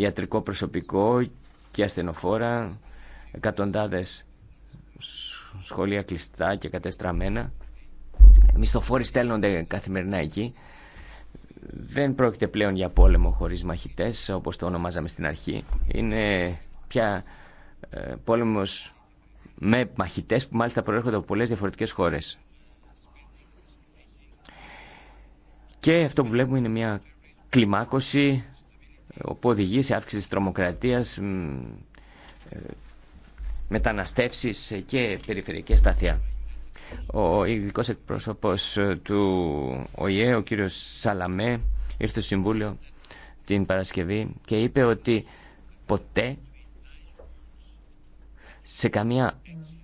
ιατρικό προσωπικό και ασθενοφόρα, εκατοντάδες σχολεία κλειστά και κατεστραμμένα. Μισθοφόροι στέλνονται καθημερινά εκεί. Δεν πρόκειται πλέον για πόλεμο χωρίς μαχητές, όπως το ονομάζαμε στην αρχή. Είναι πια ε, πόλεμος με μαχητές που μάλιστα προέρχονται από πολλές διαφορετικές χώρες. Και αυτό που βλέπουμε είναι μια κλιμάκωση όπου οδηγεί σε αύξηση της τρομοκρατίας, ε, μεταναστεύσεις και περιφερειακή σταθιά. Ο ειδικό εκπρόσωπος του ΟΗΕ, ο κύριος Σαλαμέ, ήρθε στο Συμβούλιο την Παρασκευή και είπε ότι ποτέ σε καμία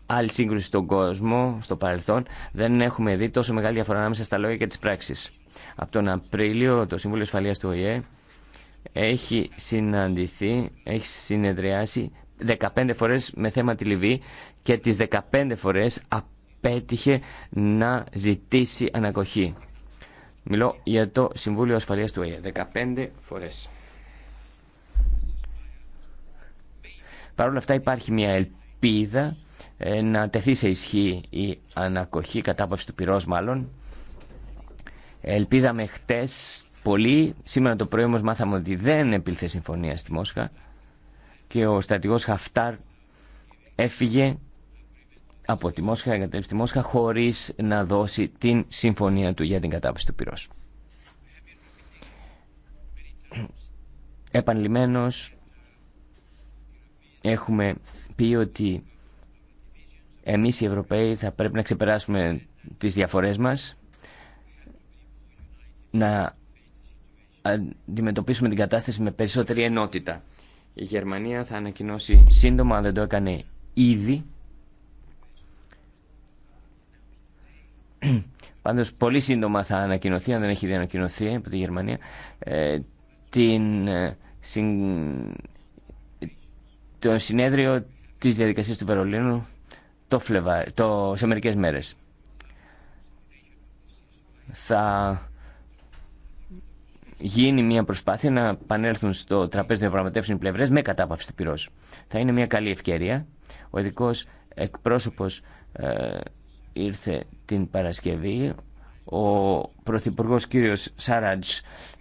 άλλη σύγκρουση στον κόσμο, στο παρελθόν, δεν έχουμε δει τόσο μεγάλη διαφορά ανάμεσα στα λόγια και τις πράξεις. Από τον Απρίλιο, το Συμβούλιο Ασφαλείας του ΟΗΕ έχει συναντηθεί, έχει συνεδριάσει 15 φορές με θέμα τη Λιβύη και τις 15 φορές απέτυχε να ζητήσει ανακοχή. Μιλώ για το Συμβούλιο Ασφαλείας του ΑΕΕ. 15 φορές. Παρ' όλα αυτά υπάρχει μια ελπίδα ε, να τεθεί σε ισχύ η ανακοχή, η κατάπαυση του πυρός μάλλον. Ελπίζαμε χτες πολύ. Σήμερα το πρωί όμως μάθαμε ότι δεν επήλθε συμφωνία στη Μόσχα και ο στρατηγό Χαφτάρ έφυγε από τη Μόσχα, εγκατέλειψε τη Μόσχα χωρίς να δώσει την συμφωνία του για την κατάπαυση του πυρός. Επανλημμένος έχουμε πει ότι εμείς οι Ευρωπαίοι θα πρέπει να ξεπεράσουμε τις διαφορές μας, να αντιμετωπίσουμε την κατάσταση με περισσότερη ενότητα. Η Γερμανία θα ανακοινώσει σύντομα, αν δεν το έκανε ήδη. Πάντως πολύ σύντομα θα ανακοινωθεί, αν δεν έχει ήδη ανακοινωθεί από τη Γερμανία, ε, την, ε, το συνέδριο της διαδικασίας του Βερολίνου το Φλεβα... το... σε μερικές μέρες. Θα γίνει μια προσπάθεια να πανέλθουν στο τραπέζι των διαπραγματεύσεων πλευρέ με κατάπαυση του πυρό. Θα είναι μια καλή ευκαιρία. Ο ειδικό εκπρόσωπο ε, ήρθε την Παρασκευή. Ο Πρωθυπουργό κ. Σάραντ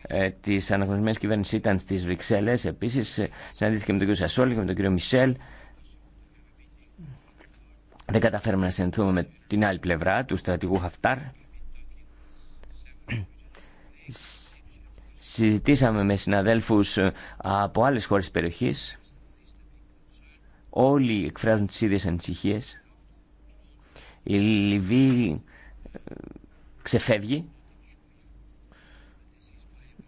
ε, τη αναγνωρισμένη κυβέρνηση ήταν στι Βρυξέλλε. Επίση, ε, συναντήθηκε με τον κύριο Σασόλη και με τον κύριο Μισελ. Δεν καταφέρουμε να συνενθούμε με την άλλη πλευρά του στρατηγού Χαφτάρ συζητήσαμε με συναδέλφους ε, από άλλες χώρες της περιοχής. Όλοι εκφράζουν τις ίδιες ανησυχίες. Η Λιβύη ε, ξεφεύγει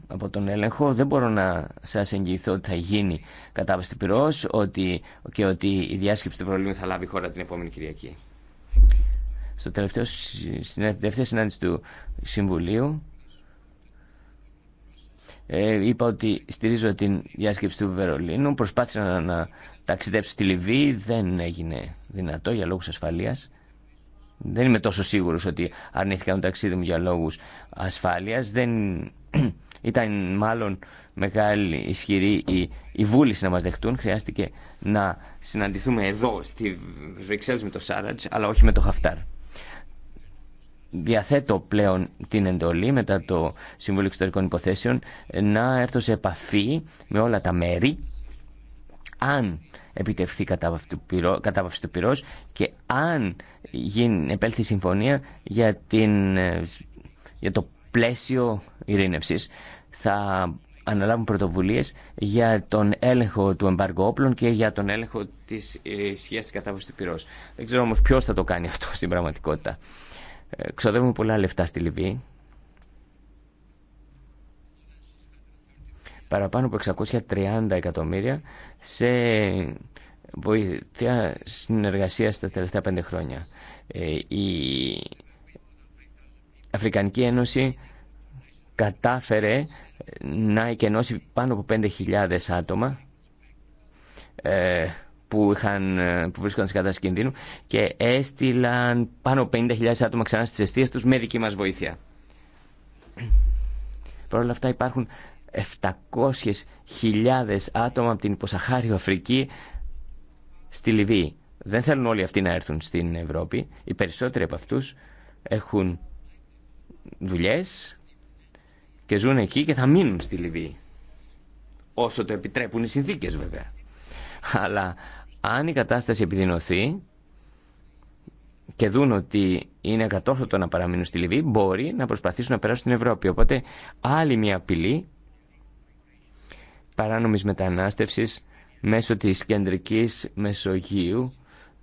από τον έλεγχο. Δεν μπορώ να σας εγγυηθώ ότι θα γίνει κατάβαση πυρός ότι, και ότι η διάσκεψη του Βερολίνου θα λάβει χώρα την επόμενη Κυριακή. Στο τελευταίο, στην τελευταία συνάντηση του Συμβουλίου ε, είπα ότι στηρίζω την διάσκεψη του Βερολίνου. Προσπάθησα να, να ταξιδέψω στη Λιβύη. Δεν έγινε δυνατό για λόγους ασφαλείας. Δεν είμαι τόσο σίγουρος ότι αρνήθηκα το ταξίδι μου για λόγους ασφάλειας. Δεν... Ήταν μάλλον μεγάλη ισχυρή η, η βούληση να μας δεχτούν. Χρειάστηκε να συναντηθούμε εδώ στη Βρυξέλλες με το Σάρατζ, αλλά όχι με το Χαφτάρ διαθέτω πλέον την εντολή μετά το Συμβούλιο Εξωτερικών Υποθέσεων να έρθω σε επαφή με όλα τα μέρη αν επιτευχθεί κατάβαυση του πυρός και αν γίνει, επέλθει συμφωνία ε, για, το πλαίσιο ειρήνευσης. Θα αναλάβουν πρωτοβουλίες για τον έλεγχο του εμπάργου όπλων και για τον έλεγχο της ε, σχέσης κατάβασης του πυρός. Δεν ξέρω όμως ποιος θα το κάνει αυτό στην πραγματικότητα. Ε, ξοδεύουμε πολλά λεφτά στη Λιβύη. Παραπάνω από 630 εκατομμύρια σε βοήθεια συνεργασία στα τελευταία πέντε χρόνια. Ε, η Αφρικανική Ένωση κατάφερε να εκενώσει πάνω από 5.000 άτομα ε, που, είχαν, ε, που βρίσκονταν σε κατάσταση κινδύνου και έστειλαν πάνω από 50.000 άτομα ξανά στις αιστείες τους με δική μας βοήθεια. Παρ' όλα αυτά υπάρχουν 700.000 άτομα από την υποσαχάριο Αφρική στη Λιβύη. Δεν θέλουν όλοι αυτοί να έρθουν στην Ευρώπη. Οι περισσότεροι από αυτούς έχουν δουλειές και ζουν εκεί και θα μείνουν στη Λιβύη. Όσο το επιτρέπουν οι συνθήκες βέβαια. Αλλά αν η κατάσταση επιδεινωθεί και δουν ότι είναι κατόρθωτο να παραμείνουν στη Λιβύη, μπορεί να προσπαθήσουν να περάσουν στην Ευρώπη. Οπότε άλλη μια απειλή παράνομης μετανάστευσης μέσω της κεντρικής Μεσογείου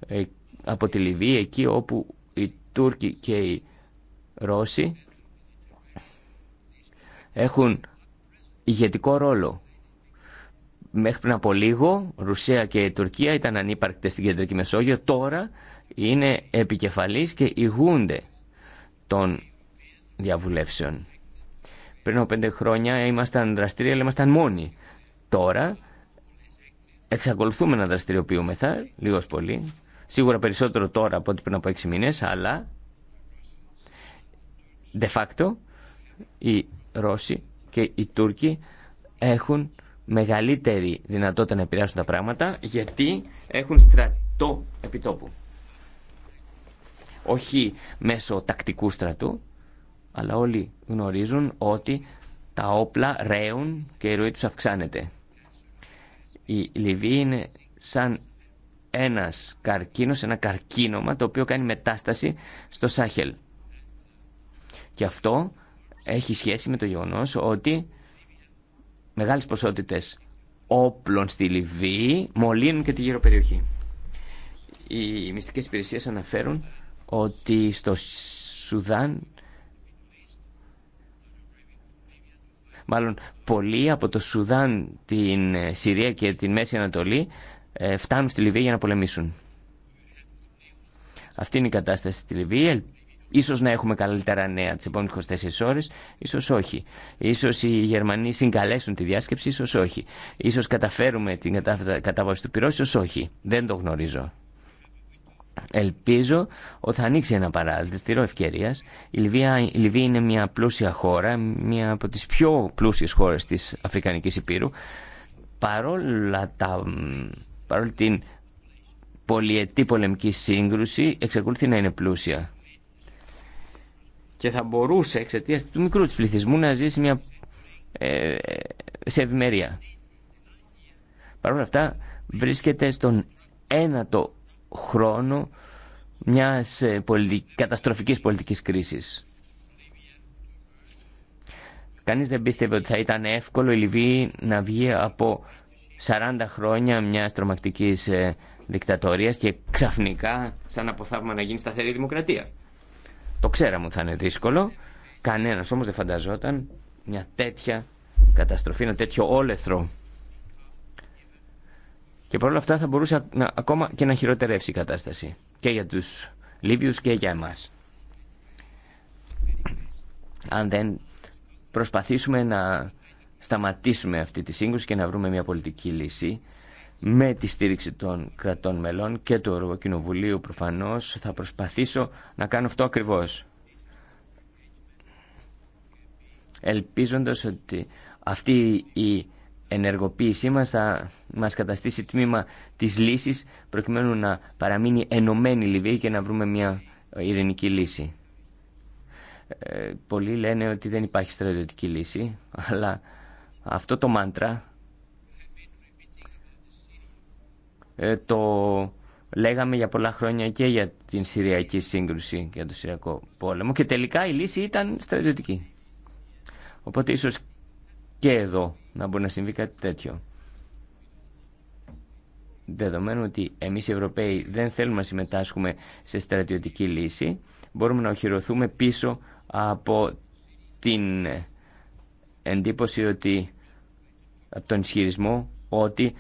ε, από τη Λιβύη, εκεί όπου οι Τούρκοι και οι Ρώσοι έχουν ηγετικό ρόλο Μέχρι πριν από λίγο, Ρουσία και Τουρκία ήταν ανύπαρκτες στην Κεντρική Μεσόγειο. Τώρα είναι επικεφαλής και ηγούνται των διαβουλεύσεων. Πριν από πέντε χρόνια ήμασταν δραστήρια, αλλά ήμασταν μόνοι. Τώρα εξακολουθούμε να δραστηριοποιούμεθα, λίγος πολύ. Σίγουρα περισσότερο τώρα από ό,τι πριν από έξι μήνες, αλλά de facto οι Ρώσοι και οι Τούρκοι έχουν μεγαλύτερη δυνατότητα να επηρεάσουν τα πράγματα γιατί έχουν στρατό επιτόπου. Όχι μέσω τακτικού στρατού, αλλά όλοι γνωρίζουν ότι τα όπλα ρέουν και η ροή τους αυξάνεται. Η Λιβύη είναι σαν ένας καρκίνος, ένα καρκίνωμα το οποίο κάνει μετάσταση στο Σάχελ. Και αυτό έχει σχέση με το γεγονός ότι μεγάλες ποσότητες όπλων στη Λιβύη μολύνουν και τη γύρω περιοχή. Οι μυστικές υπηρεσίες αναφέρουν ότι στο Σουδάν μάλλον πολλοί από το Σουδάν, την ε, Συρία και την Μέση Ανατολή ε, φτάνουν στη Λιβύη για να πολεμήσουν. Αυτή είναι η κατάσταση στη Λιβύη. Ίσως να έχουμε καλύτερα νέα τι επόμενε 24 ώρε, ίσω όχι. Σω οι Γερμανοί συγκαλέσουν τη διάσκεψη, ίσως όχι. Σω καταφέρουμε την κατάβαση του πυρό, ίσως όχι. Δεν το γνωρίζω. Ελπίζω ότι θα ανοίξει ένα παράδειγμα ευκαιρία. Η, η Λιβύη είναι μια πλούσια χώρα, μια από τι πιο πλούσιε χώρε τη Αφρικανική Υπήρου. Παρόλα τα, παρόλη την πολιετή πολεμική σύγκρουση, εξακολουθεί να είναι πλούσια και θα μπορούσε εξαιτία του μικρού της πληθυσμού να ζήσει μια, ε, σε ευημερία. Παρ' όλα αυτά βρίσκεται στον ένατο χρόνο μιας ε, πολιτικ καταστροφικής πολιτικής κρίσης. Κανείς δεν πίστευε ότι θα ήταν εύκολο η Λιβύη να βγει από 40 χρόνια μιας τρομακτικής ε, δικτατορίας και ξαφνικά σαν αποθαύμα να γίνει σταθερή δημοκρατία. Το ξέραμε ότι θα είναι δύσκολο. Κανένας όμως δεν φανταζόταν μια τέτοια καταστροφή, ένα τέτοιο όλεθρο. Και παρόλα αυτά θα μπορούσε να, ακόμα και να χειροτερεύσει η κατάσταση. Και για τους Λίβιους και για εμάς. Αν δεν προσπαθήσουμε να σταματήσουμε αυτή τη σύγκρουση και να βρούμε μια πολιτική λύση με τη στήριξη των κρατών μελών και του Ευρωκοινοβουλίου προφανώς θα προσπαθήσω να κάνω αυτό ακριβώς. Ελπίζοντας ότι αυτή η ενεργοποίησή μας θα μας καταστήσει τμήμα της λύσης προκειμένου να παραμείνει ενωμένη η Λιβύη και να βρούμε μια ειρηνική λύση. Ε, πολλοί λένε ότι δεν υπάρχει στρατιωτική λύση, αλλά αυτό το μάντρα Ε, το λέγαμε για πολλά χρόνια και για την Συριακή σύγκρουση και για τον Συριακό πόλεμο και τελικά η λύση ήταν στρατιωτική. Οπότε ίσως και εδώ να μπορεί να συμβεί κάτι τέτοιο. Δεδομένου ότι εμείς οι Ευρωπαίοι δεν θέλουμε να συμμετάσχουμε σε στρατιωτική λύση, μπορούμε να οχυρωθούμε πίσω από την εντύπωση ότι από τον ισχυρισμό ότι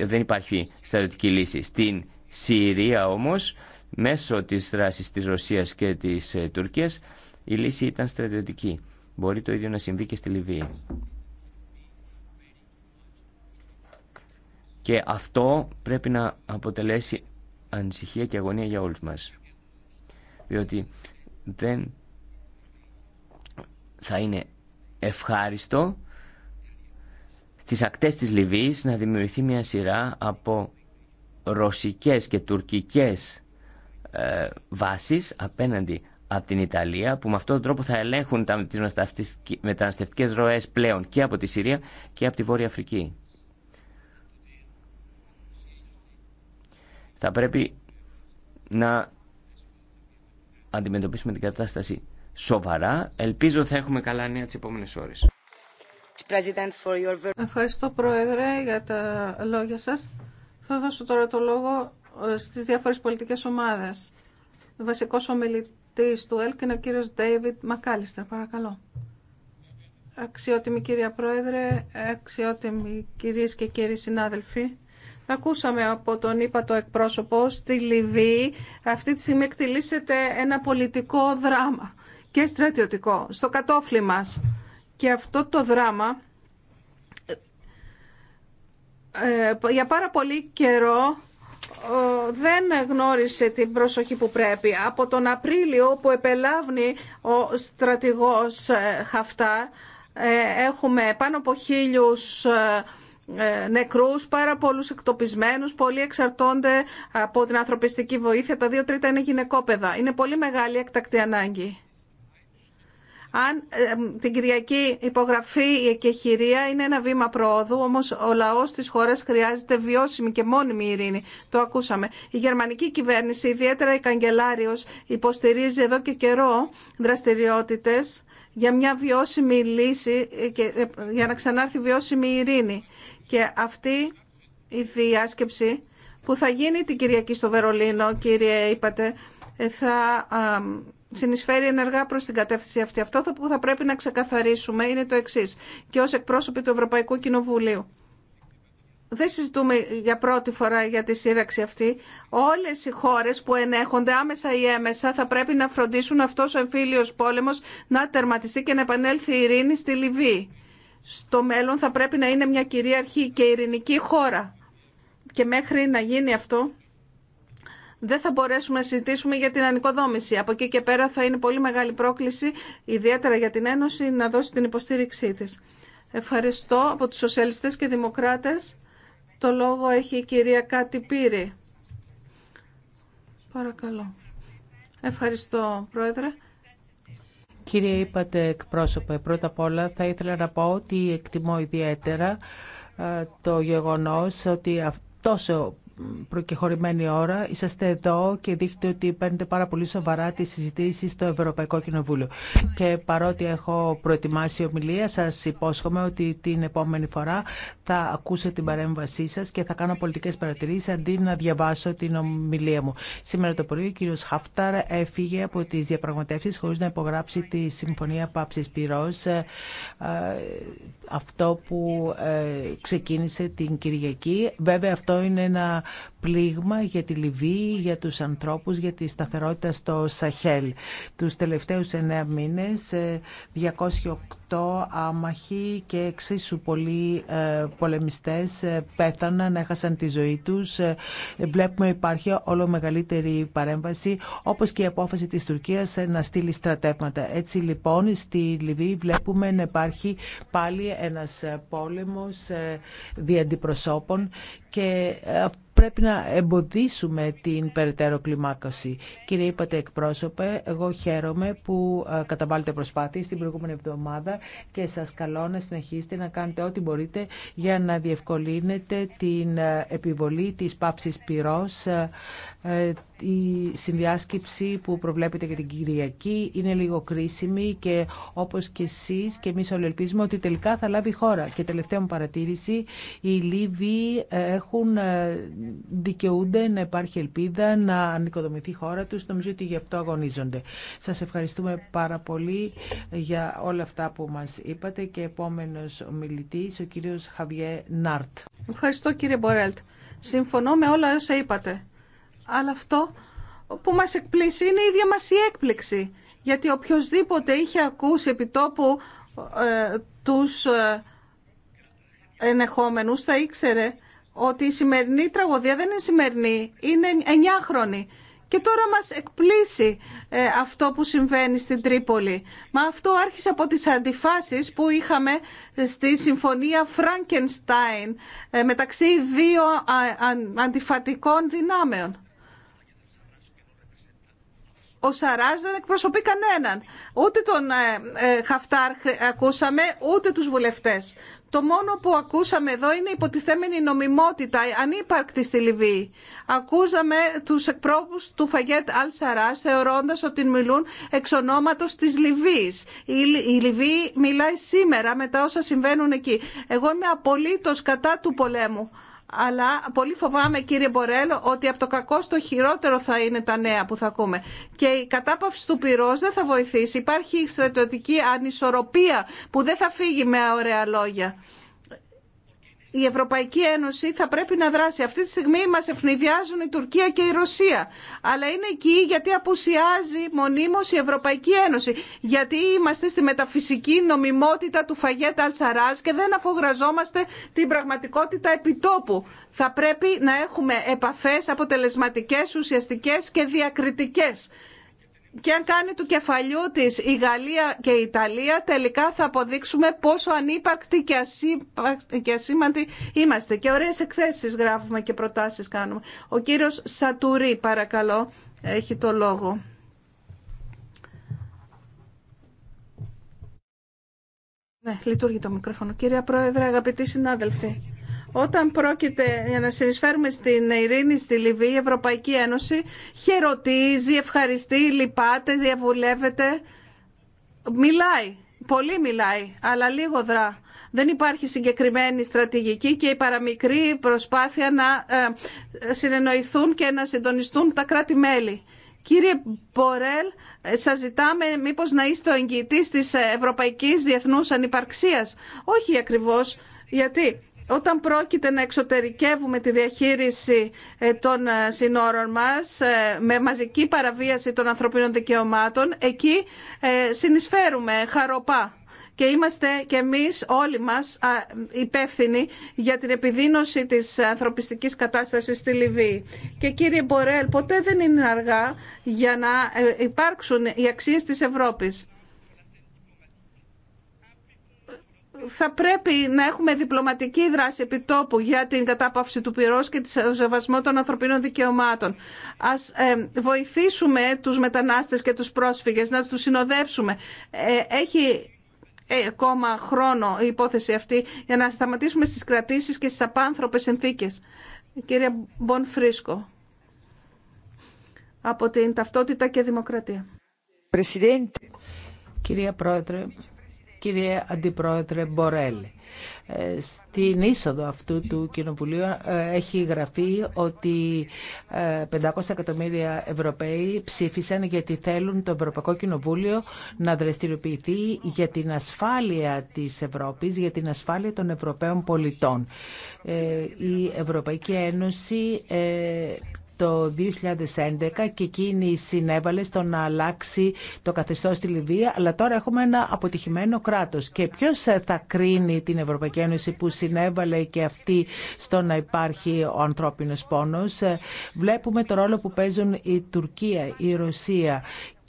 δεν, υπάρχει στρατιωτική λύση. Στην Συρία όμως, μέσω της δράσης της Ρωσίας και της ε, Τουρκίας, η λύση ήταν στρατιωτική. Μπορεί το ίδιο να συμβεί και στη Λιβύη. Και αυτό πρέπει να αποτελέσει ανησυχία και αγωνία για όλους μας. Διότι δεν θα είναι ευχάριστο στις ακτές της Λιβύης να δημιουργηθεί μια σειρά από ρωσικές και τουρκικές ε, βάσεις απέναντι από την Ιταλία που με αυτόν τον τρόπο θα ελέγχουν τις μεταναστευτικές ροές πλέον και από τη Συρία και από τη Βόρεια Αφρική. Θα πρέπει να αντιμετωπίσουμε την κατάσταση σοβαρά. Ελπίζω θα έχουμε καλά νέα τις επόμενες ώρες. Ευχαριστώ, Πρόεδρε, για τα λόγια σας. Θα δώσω τώρα το λόγο ε, στις διάφορες πολιτικές ομάδες. Ο βασικός ομιλητής του ΕΛΚ είναι ο κύριος Ντέιβιτ Μακάλιστερ. Παρακαλώ. Αξιότιμη κυρία Πρόεδρε, αξιότιμοι κυρίες και κύριοι συνάδελφοι. ακούσαμε από τον το εκπρόσωπο στη Λιβύη. Αυτή τη στιγμή εκτελήσεται ένα πολιτικό δράμα και στρατιωτικό στο κατόφλι μας και αυτό το δράμα ε, για πάρα πολύ καιρό δεν γνώρισε την προσοχή που πρέπει. Από τον Απρίλιο που επελάβνει ο στρατηγός ε, Χαφτά ε, έχουμε πάνω από χίλιους νεκρούς, πάρα πολλούς εκτοπισμένους, πολλοί εξαρτώνται από την ανθρωπιστική βοήθεια, τα δύο τρίτα είναι γυναικόπαιδα. Είναι πολύ μεγάλη εκτακτή ανάγκη αν την Κυριακή υπογραφή η εκεχηρία είναι ένα βήμα προόδου, όμω ο λαός της χώρας χρειάζεται βιώσιμη και μόνιμη ειρήνη. Το ακούσαμε. Η γερμανική κυβέρνηση, ιδιαίτερα η καγκελάριο, υποστηρίζει εδώ και καιρό δραστηριότητες για μια βιώσιμη λύση, και, ε, για να ξανάρθει βιώσιμη ειρήνη. Και αυτή η διάσκεψη που θα γίνει την Κυριακή στο Βερολίνο, κύριε είπατε, ε, θα συνεισφέρει ενεργά προς την κατεύθυνση αυτή. Αυτό που θα πρέπει να ξεκαθαρίσουμε είναι το εξή και ω εκπρόσωποι του Ευρωπαϊκού Κοινοβουλίου. Δεν συζητούμε για πρώτη φορά για τη σύραξη αυτή. Όλες οι χώρες που ενέχονται άμεσα ή έμεσα θα πρέπει να φροντίσουν αυτό ο εμφύλιο πόλεμος να τερματιστεί και να επανέλθει η ειρήνη στη Λιβύη. Στο μέλλον θα πρέπει να είναι μια κυρίαρχη και ειρηνική χώρα. Και μέχρι να γίνει αυτό δεν θα μπορέσουμε να συζητήσουμε για την ανοικοδόμηση. Από εκεί και πέρα θα είναι πολύ μεγάλη πρόκληση, ιδιαίτερα για την Ένωση, να δώσει την υποστήριξή της. Ευχαριστώ από τους σοσιαλιστές και δημοκράτες. Το λόγο έχει η κυρία Κάτι Πύρη. Παρακαλώ. Ευχαριστώ, Πρόεδρε. Κύριε, είπατε εκπρόσωπε, πρώτα απ' όλα θα ήθελα να πω ότι εκτιμώ ιδιαίτερα ε, το γεγονός ότι τόσο προκεχωρημένη ώρα. Είσαστε εδώ και δείχνετε ότι παίρνετε πάρα πολύ σοβαρά τις συζητήσεις στο Ευρωπαϊκό Κοινοβούλιο. Και παρότι έχω προετοιμάσει ομιλία, σας υπόσχομαι ότι την επόμενη φορά θα ακούσω την παρέμβασή σας και θα κάνω πολιτικές παρατηρήσεις αντί να διαβάσω την ομιλία μου. Σήμερα το πρωί ο κύριος Χαφτάρ έφυγε από τις διαπραγματεύσεις χωρίς να υπογράψει τη Συμφωνία Πάψης Πυρός, ε, ε, αυτό που ε, ξεκίνησε την Κυριακή. Βέβαια αυτό είναι ένα πλήγμα για τη Λιβύη, για τους ανθρώπους, για τη σταθερότητα στο Σαχέλ. Τους τελευταίους εννέα μήνες 208 ε, άμαχοι και εξίσου πολλοί ε, πολεμιστές ε, πέθαναν, έχασαν τη ζωή τους. Βλέπουμε υπάρχει όλο μεγαλύτερη παρέμβαση, όπως και η απόφαση της Τουρκίας να στείλει στρατεύματα. Έτσι λοιπόν στη Λιβύη βλέπουμε να υπάρχει πάλι ένας πόλεμος διαντιπροσώπων και ε, πρέπει να εμποδίσουμε την περαιτέρω κλιμάκωση. Κύριε είπατε εκπρόσωπε, εγώ χαίρομαι που ε, καταβάλλετε προσπάθειες την προηγούμενη εβδομάδα και σας καλώ να συνεχίσετε να κάνετε ό,τι μπορείτε για να διευκολύνετε την ε, επιβολή της πάψης πυρός ε, η συνδιάσκεψη που προβλέπεται για την Κυριακή είναι λίγο κρίσιμη και όπως και εσείς και εμείς όλοι ελπίζουμε ότι τελικά θα λάβει χώρα. Και τελευταία μου παρατήρηση, οι Λίβοι ε, έχουν ε, δικαιούνται να υπάρχει ελπίδα να ανοικοδομηθεί η χώρα τους. Νομίζω ότι γι' αυτό αγωνίζονται. Σας ευχαριστούμε πάρα πολύ για όλα αυτά που μας είπατε και επόμενος ομιλητής, ο κύριος Χαβιέ Νάρτ. Ευχαριστώ κύριε Μπορέλτ. Συμφωνώ με όλα όσα είπατε. Αλλά αυτό που μας εκπλήσει είναι η ίδια μας η έκπληξη. Γιατί οποιοδήποτε είχε ακούσει επί τόπου ε, τους ε, ενεχόμενους θα ήξερε ότι η σημερινή τραγωδία δεν είναι σημερινή, είναι εννιάχρονη. Και τώρα μας εκπλήσει ε, αυτό που συμβαίνει στην Τρίπολη. Μα αυτό άρχισε από τις αντιφάσεις που είχαμε στη συμφωνία Φραγκενστάιν μεταξύ δύο αντιφατικών δυνάμεων ο Σαράς δεν εκπροσωπεί κανέναν. Ούτε τον ε, ε Χαφτάρ ακούσαμε, ούτε τους βουλευτές. Το μόνο που ακούσαμε εδώ είναι υποτιθέμενη νομιμότητα, ανύπαρκτη στη Λιβύη. Ακούσαμε τους εκπρόβους του Φαγέτ Αλ Σαράς θεωρώντας ότι μιλούν εξ ονόματος της Λιβύης. Η Λιβύη μιλάει σήμερα με τα όσα συμβαίνουν εκεί. Εγώ είμαι απολύτως κατά του πολέμου αλλά πολύ φοβάμαι κύριε Μπορέλο ότι από το κακό στο χειρότερο θα είναι τα νέα που θα ακούμε. Και η κατάπαυση του πυρός δεν θα βοηθήσει. Υπάρχει στρατιωτική ανισορροπία που δεν θα φύγει με ωραία λόγια η Ευρωπαϊκή Ένωση θα πρέπει να δράσει. Αυτή τη στιγμή μας ευνηδιάζουν η Τουρκία και η Ρωσία. Αλλά είναι εκεί γιατί απουσιάζει μονίμως η Ευρωπαϊκή Ένωση. Γιατί είμαστε στη μεταφυσική νομιμότητα του Φαγέτα Αλσαρά και δεν αφογραζόμαστε την πραγματικότητα επιτόπου. Θα πρέπει να έχουμε επαφές αποτελεσματικέ, ουσιαστικέ και διακριτικέ και αν κάνει του κεφαλιού της η Γαλλία και η Ιταλία τελικά θα αποδείξουμε πόσο ανύπαρκτοι και, και ασήμαντοι είμαστε. Και ωραίες εκθέσεις γράφουμε και προτάσεις κάνουμε. Ο κύριος Σατουρί παρακαλώ έχει το λόγο. Ναι, λειτουργεί το μικρόφωνο. Κυρία Πρόεδρε, αγαπητοί συνάδελφοι. Όταν πρόκειται για να συνεισφέρουμε στην ειρήνη στη Λιβύη, η Ευρωπαϊκή Ένωση χαιροτίζει, ευχαριστεί, λυπάται, διαβουλεύεται. Μιλάει, πολύ μιλάει, αλλά λίγο δρά. Δεν υπάρχει συγκεκριμένη στρατηγική και η παραμικρή προσπάθεια να ε, συνεννοηθούν και να συντονιστούν τα κράτη-μέλη. Κύριε Πορέλ, σας ζητάμε μήπως να είστε ο εγγυητής της Ευρωπαϊκής Διεθνούς Ανυπαρξίας. Όχι ακριβώς, γιατί όταν πρόκειται να εξωτερικεύουμε τη διαχείριση ε, των ε, συνόρων μας ε, με μαζική παραβίαση των ανθρωπίνων δικαιωμάτων, εκεί συνεισφέρουμε χαροπά. Και είμαστε και εμείς όλοι μας υπεύθυνοι για την επιδείνωση της ανθρωπιστικής κατάστασης στη Λιβύη. Και κύριε Μπορέλ, ποτέ δεν είναι αργά για να υπάρξουν οι αξίες της Ευρώπης. θα πρέπει να έχουμε διπλωματική δράση επιτόπου για την κατάπαυση του πυρός και το σεβασμό των ανθρωπίνων δικαιωμάτων. Ας ε, βοηθήσουμε τους μετανάστες και τους πρόσφυγες, να τους συνοδέψουμε. Ε, έχει ε, ακόμα χρόνο η υπόθεση αυτή για να σταματήσουμε στις κρατήσεις και στις απάνθρωπες συνθήκες. Κυρία Φρίσκο, από την Ταυτότητα και Δημοκρατία. Κυρία Πρόεδρε, κύριε Αντιπρόεδρε Μπορέλη. Ε, στην είσοδο αυτού του Κοινοβουλίου ε, έχει γραφεί ότι 500 ε, εκατομμύρια Ευρωπαίοι ψήφισαν γιατί θέλουν το Ευρωπαϊκό Κοινοβούλιο να δραστηριοποιηθεί για την ασφάλεια της Ευρώπης, για την ασφάλεια των Ευρωπαίων πολιτών. Η Ευρωπαϊκή Ένωση το 2011 και εκείνη συνέβαλε στο να αλλάξει το καθεστώς στη Λιβύη, αλλά τώρα έχουμε ένα αποτυχημένο κράτος. Και ποιος θα κρίνει την Ευρωπαϊκή Ένωση που συνέβαλε και αυτή στο να υπάρχει ο ανθρώπινος πόνος. Βλέπουμε το ρόλο που παίζουν η Τουρκία, η Ρωσία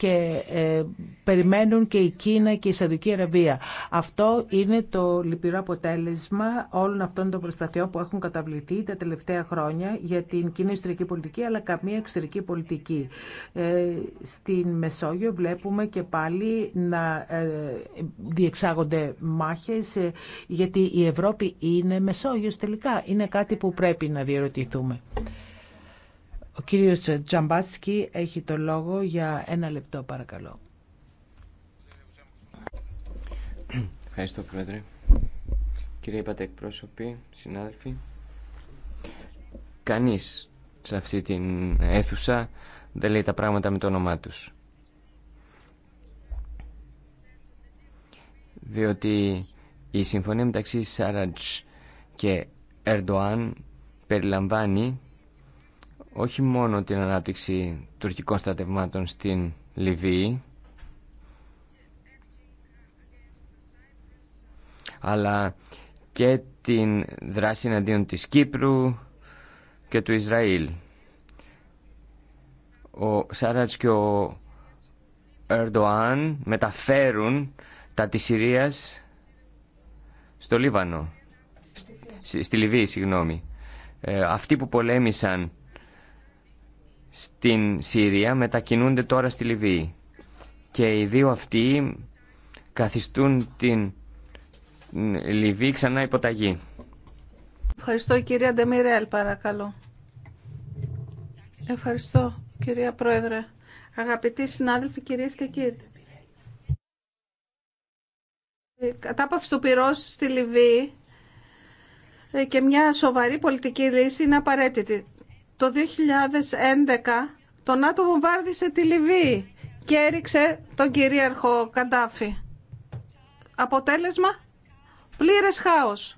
και ε, περιμένουν και η Κίνα και η Σαδική Αραβία. Αυτό είναι το λυπηρό αποτέλεσμα όλων αυτών των προσπαθειών που έχουν καταβληθεί τα τελευταία χρόνια για την κοινή εξωτερική πολιτική αλλά καμία εξωτερική πολιτική. Ε, στην Μεσόγειο βλέπουμε και πάλι να ε, διεξάγονται μάχες γιατί η Ευρώπη είναι Μεσόγειος τελικά. Είναι κάτι που πρέπει να διερωτηθούμε. Ο κύριος Τζαμπάσκι έχει το λόγο για ένα λεπτό παρακαλώ. Ευχαριστώ Πρόεδρε. Κύριε είπατε εκπρόσωποι, συνάδελφοι. Κανείς σε αυτή την αίθουσα δεν λέει τα πράγματα με το όνομά τους. Διότι η συμφωνία μεταξύ Σάρατς και Ερντοάν περιλαμβάνει όχι μόνο την ανάπτυξη τουρκικών στρατευμάτων στην Λιβύη, αλλά και την δράση εναντίον της Κύπρου και του Ισραήλ. Ο Σάρατς και ο Ερντοάν μεταφέρουν τα της Συρίας στο Λίβανο, στη Λιβύη, συγγνώμη. Ε, αυτοί που πολέμησαν στην Σύρια μετακινούνται τώρα στη Λιβύη. Και οι δύο αυτοί καθιστούν την Λιβύη ξανά υποταγή. Ευχαριστώ κυρία Ντεμιρέλ παρακαλώ. Ευχαριστώ κυρία Πρόεδρε. Αγαπητοί συνάδελφοι κυρίες και κύριοι. Η κατάπαυση του πυρός στη Λιβύη και μια σοβαρή πολιτική λύση είναι απαραίτητη. Το 2011 το Άτομο βομβάρδισε τη Λιβύη και έριξε τον κυρίαρχο Καντάφη. Αποτέλεσμα, πλήρες χάος.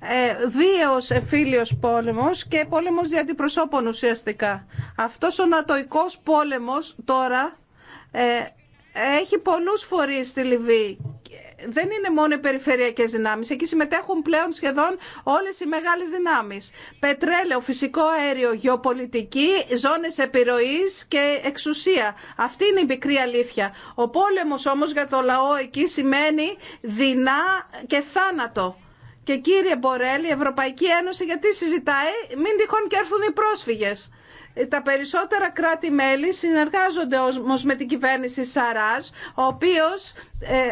Ε, βίαιος πόλεμο πόλεμος και πόλεμος δια αντιπροσώπων ουσιαστικά. Αυτός ο νατοικός πόλεμος τώρα ε, έχει πολλούς φορείς στη Λιβύη δεν είναι μόνο οι περιφερειακές δυνάμεις. Εκεί συμμετέχουν πλέον σχεδόν όλες οι μεγάλες δυνάμεις. Πετρέλαιο, φυσικό αέριο, γεωπολιτική, ζώνε επιρροής και εξουσία. Αυτή είναι η πικρή αλήθεια. Ο πόλεμος όμως για το λαό εκεί σημαίνει δεινά και θάνατο. Και κύριε Μπορέλη, η Ευρωπαϊκή Ένωση γιατί συζητάει, μην τυχόν και έρθουν οι πρόσφυγες τα περισσότερα κράτη-μέλη συνεργάζονται όμως με την κυβέρνηση Σαράζ, ο οποίος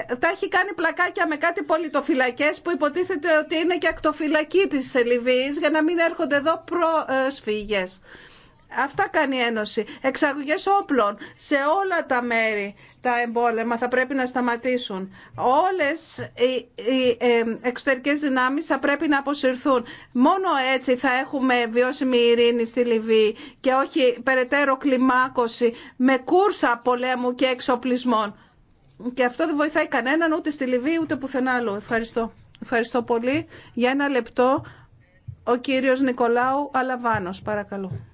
ε, τα έχει κάνει πλακάκια με κάτι πολιτοφυλακέ που υποτίθεται ότι είναι και ακτοφυλακή τη Λιβύης για να μην έρχονται εδώ πρόσφυγες. Αυτά κάνει η Ένωση. Εξαγωγέ όπλων σε όλα τα μέρη τα εμπόλεμα θα πρέπει να σταματήσουν. Όλες οι, εξωτερικέ εξωτερικές δυνάμεις θα πρέπει να αποσυρθούν. Μόνο έτσι θα έχουμε βιώσιμη ειρήνη στη Λιβύη και όχι περαιτέρω κλιμάκωση με κούρσα πολέμου και εξοπλισμών. Και αυτό δεν βοηθάει κανέναν ούτε στη Λιβύη ούτε πουθενά άλλο. Ευχαριστώ. Ευχαριστώ πολύ. Για ένα λεπτό ο κύριος Νικολάου Αλαβάνος, παρακαλώ.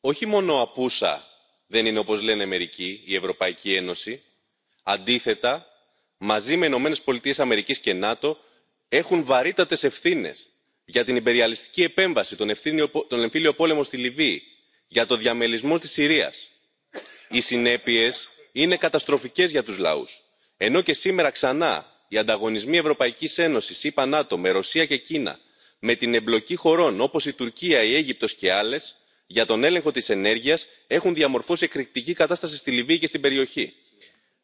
Όχι μόνο απούσα δεν είναι όπως λένε μερικοί η Ευρωπαϊκή Ένωση. Αντίθετα, μαζί με Ηνωμένες Πολιτείες Αμερικής και ΝΑΤΟ έχουν βαρύτατες ευθύνες για την υπεριαλιστική επέμβαση, τον εμφύλιο πόλεμο στη Λιβύη, για το διαμελισμό της συρίας. οι συνέπειες είναι καταστροφικές για τους λαούς ενώ και σήμερα ξανά οι ανταγωνισμοί ευρωπαϊκής ένωσης ή νατο με ρωσία και κίνα με την εμπλοκή χωρών όπως η τουρκία η αίγυπτος και άλλες για τον έλεγχο της ενέργειας έχουν διαμορφώσει εκρηκτική κατάσταση στη λιβύη και στην περιοχή.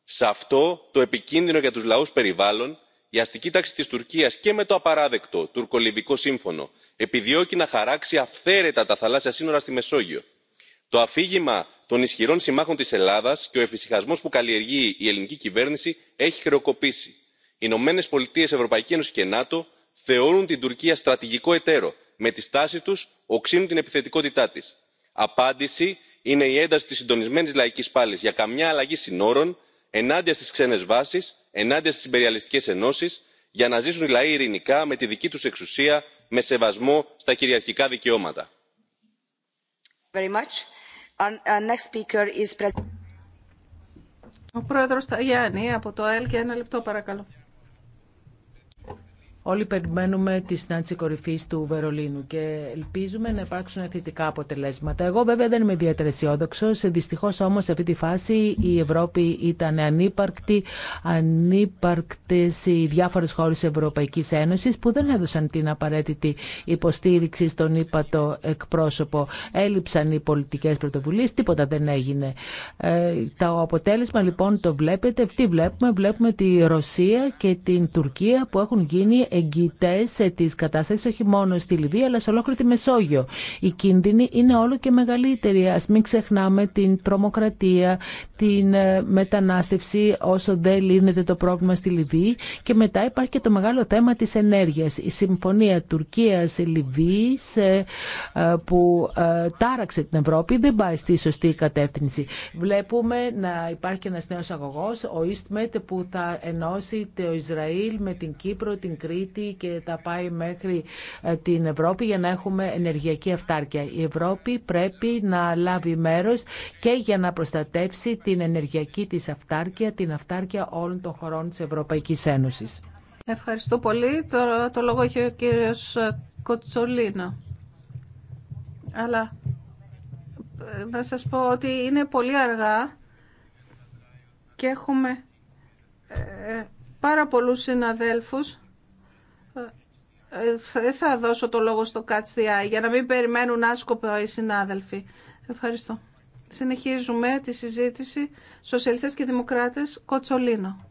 σε αυτό το επικίνδυνο για τους λαούς περιβάλλον η αστική τάξη της τουρκίας και με το απαράδεκτο τουρκο λιβικό σύμφωνο επιδιώκει να χαράξει αυθαίρετα τα θαλάσσια σύνορα στη μεσόγειο το αφήγημα των ισχυρών συμμάχων της ελλάδας και ο εφησυχασμός που καλλιεργεί η ελληνική κυβέρνηση έχει χρεοκοπήσει. οι ηνωμένε πολιτείε ευρωπαϊκή ένωση και νάτο θεωρούν την τουρκία στρατηγικό εταίρο με τη στάση τους οξύνουν την επιθετικότητά της. απάντηση είναι η ένταση της συντονισμένης λαϊκής πάλης για καμιά αλλαγή συνόρων ενάντια στις ξένες βάσεις ενάντια στις υπεριαλιστικές ενώσεις για να ζήσουν οι λαοί ειρηνικά με τη δική του εξουσία με σεβασμό στα κυριαρχικά δικαιώματα. Ο πρόεδρος Ταγιάννη από το ΕΛ και ένα λεπτό παρακαλώ. Όλοι περιμένουμε τη συνάντηση κορυφή του Βερολίνου και ελπίζουμε να υπάρξουν θετικά αποτελέσματα. Εγώ βέβαια δεν είμαι ιδιαίτερα αισιόδοξο. Δυστυχώ όμω σε αυτή τη φάση η Ευρώπη ήταν ανύπαρκτη, ανύπαρκτε οι διάφορε χώρε Ευρωπαϊκή Ένωση που δεν έδωσαν την απαραίτητη υποστήριξη στον ύπατο εκπρόσωπο. Έλειψαν οι πολιτικέ πρωτοβουλίε, τίποτα δεν έγινε. Ε, το αποτέλεσμα λοιπόν το βλέπετε. Τι βλέπουμε, βλέπουμε τη Ρωσία και την Τουρκία που έχουν γίνει σε τις κατάστασεις όχι μόνο στη Λιβύη αλλά σε ολόκληρη τη Μεσόγειο. Οι κίνδυνοι είναι όλο και μεγαλύτεροι. Ας μην ξεχνάμε την τρομοκρατία, την ε, μετανάστευση όσο δεν λύνεται το πρόβλημα στη Λιβύη και μετά υπάρχει και το μεγάλο θέμα της ενέργειας. Η συμφωνία Τουρκίας-Λιβύη ε, ε, που τάραξε την Ευρώπη δεν πάει στη σωστή κατεύθυνση. Βλέπουμε να υπάρχει ένας νέος αγωγός, ο Ίστμετ που θα ενώσει το Ισραήλ με την Κύπρο, την και θα πάει μέχρι ε, την Ευρώπη για να έχουμε ενεργειακή αυτάρκεια. Η Ευρώπη πρέπει να λάβει μέρος και για να προστατεύσει την ενεργειακή της αυτάρκεια, την αυτάρκεια όλων των χωρών της Ευρωπαϊκής Ένωσης. Ευχαριστώ πολύ. Τώρα το λόγο έχει ο κύριος ε, Κοτσολίνα. Αλλά ε, να σας πω ότι είναι πολύ αργά και έχουμε πάρα πολλούς συναδέλφους δεν θα δώσω το λόγο στο Κάτστιά, για να μην περιμένουν άσκοπα οι συνάδελφοι. Ευχαριστώ. Συνεχίζουμε τη συζήτηση. Σοσιαλιστές και Δημοκράτες, Κοτσολίνο.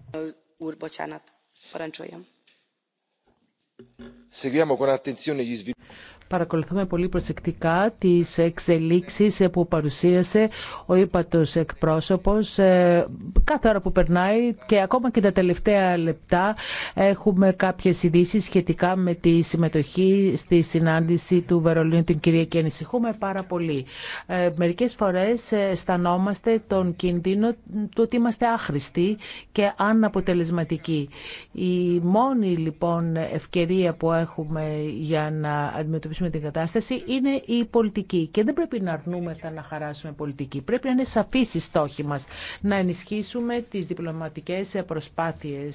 Παρακολουθούμε πολύ προσεκτικά τις εξελίξεις που παρουσίασε ο ύπατος εκπρόσωπος. Ε, κάθε ώρα που περνάει και ακόμα και τα τελευταία λεπτά έχουμε κάποιες ειδήσει σχετικά με τη συμμετοχή στη συνάντηση του Βερολίνου την Κυριακή. Ανησυχούμε πάρα πολύ. Ε, μερικές φορές ε, αισθανόμαστε τον κίνδυνο του ότι είμαστε άχρηστοι και αναποτελεσματικοί. Η μόνη λοιπόν ευκαιρία που έχουμε για να αντιμετωπίσουμε αντιμετωπίσουμε την κατάσταση είναι η πολιτική. Και δεν πρέπει να αρνούμεθα να χαράσουμε πολιτική. Πρέπει να είναι σαφή η στόχη μα. Να ενισχύσουμε τι διπλωματικέ προσπάθειε.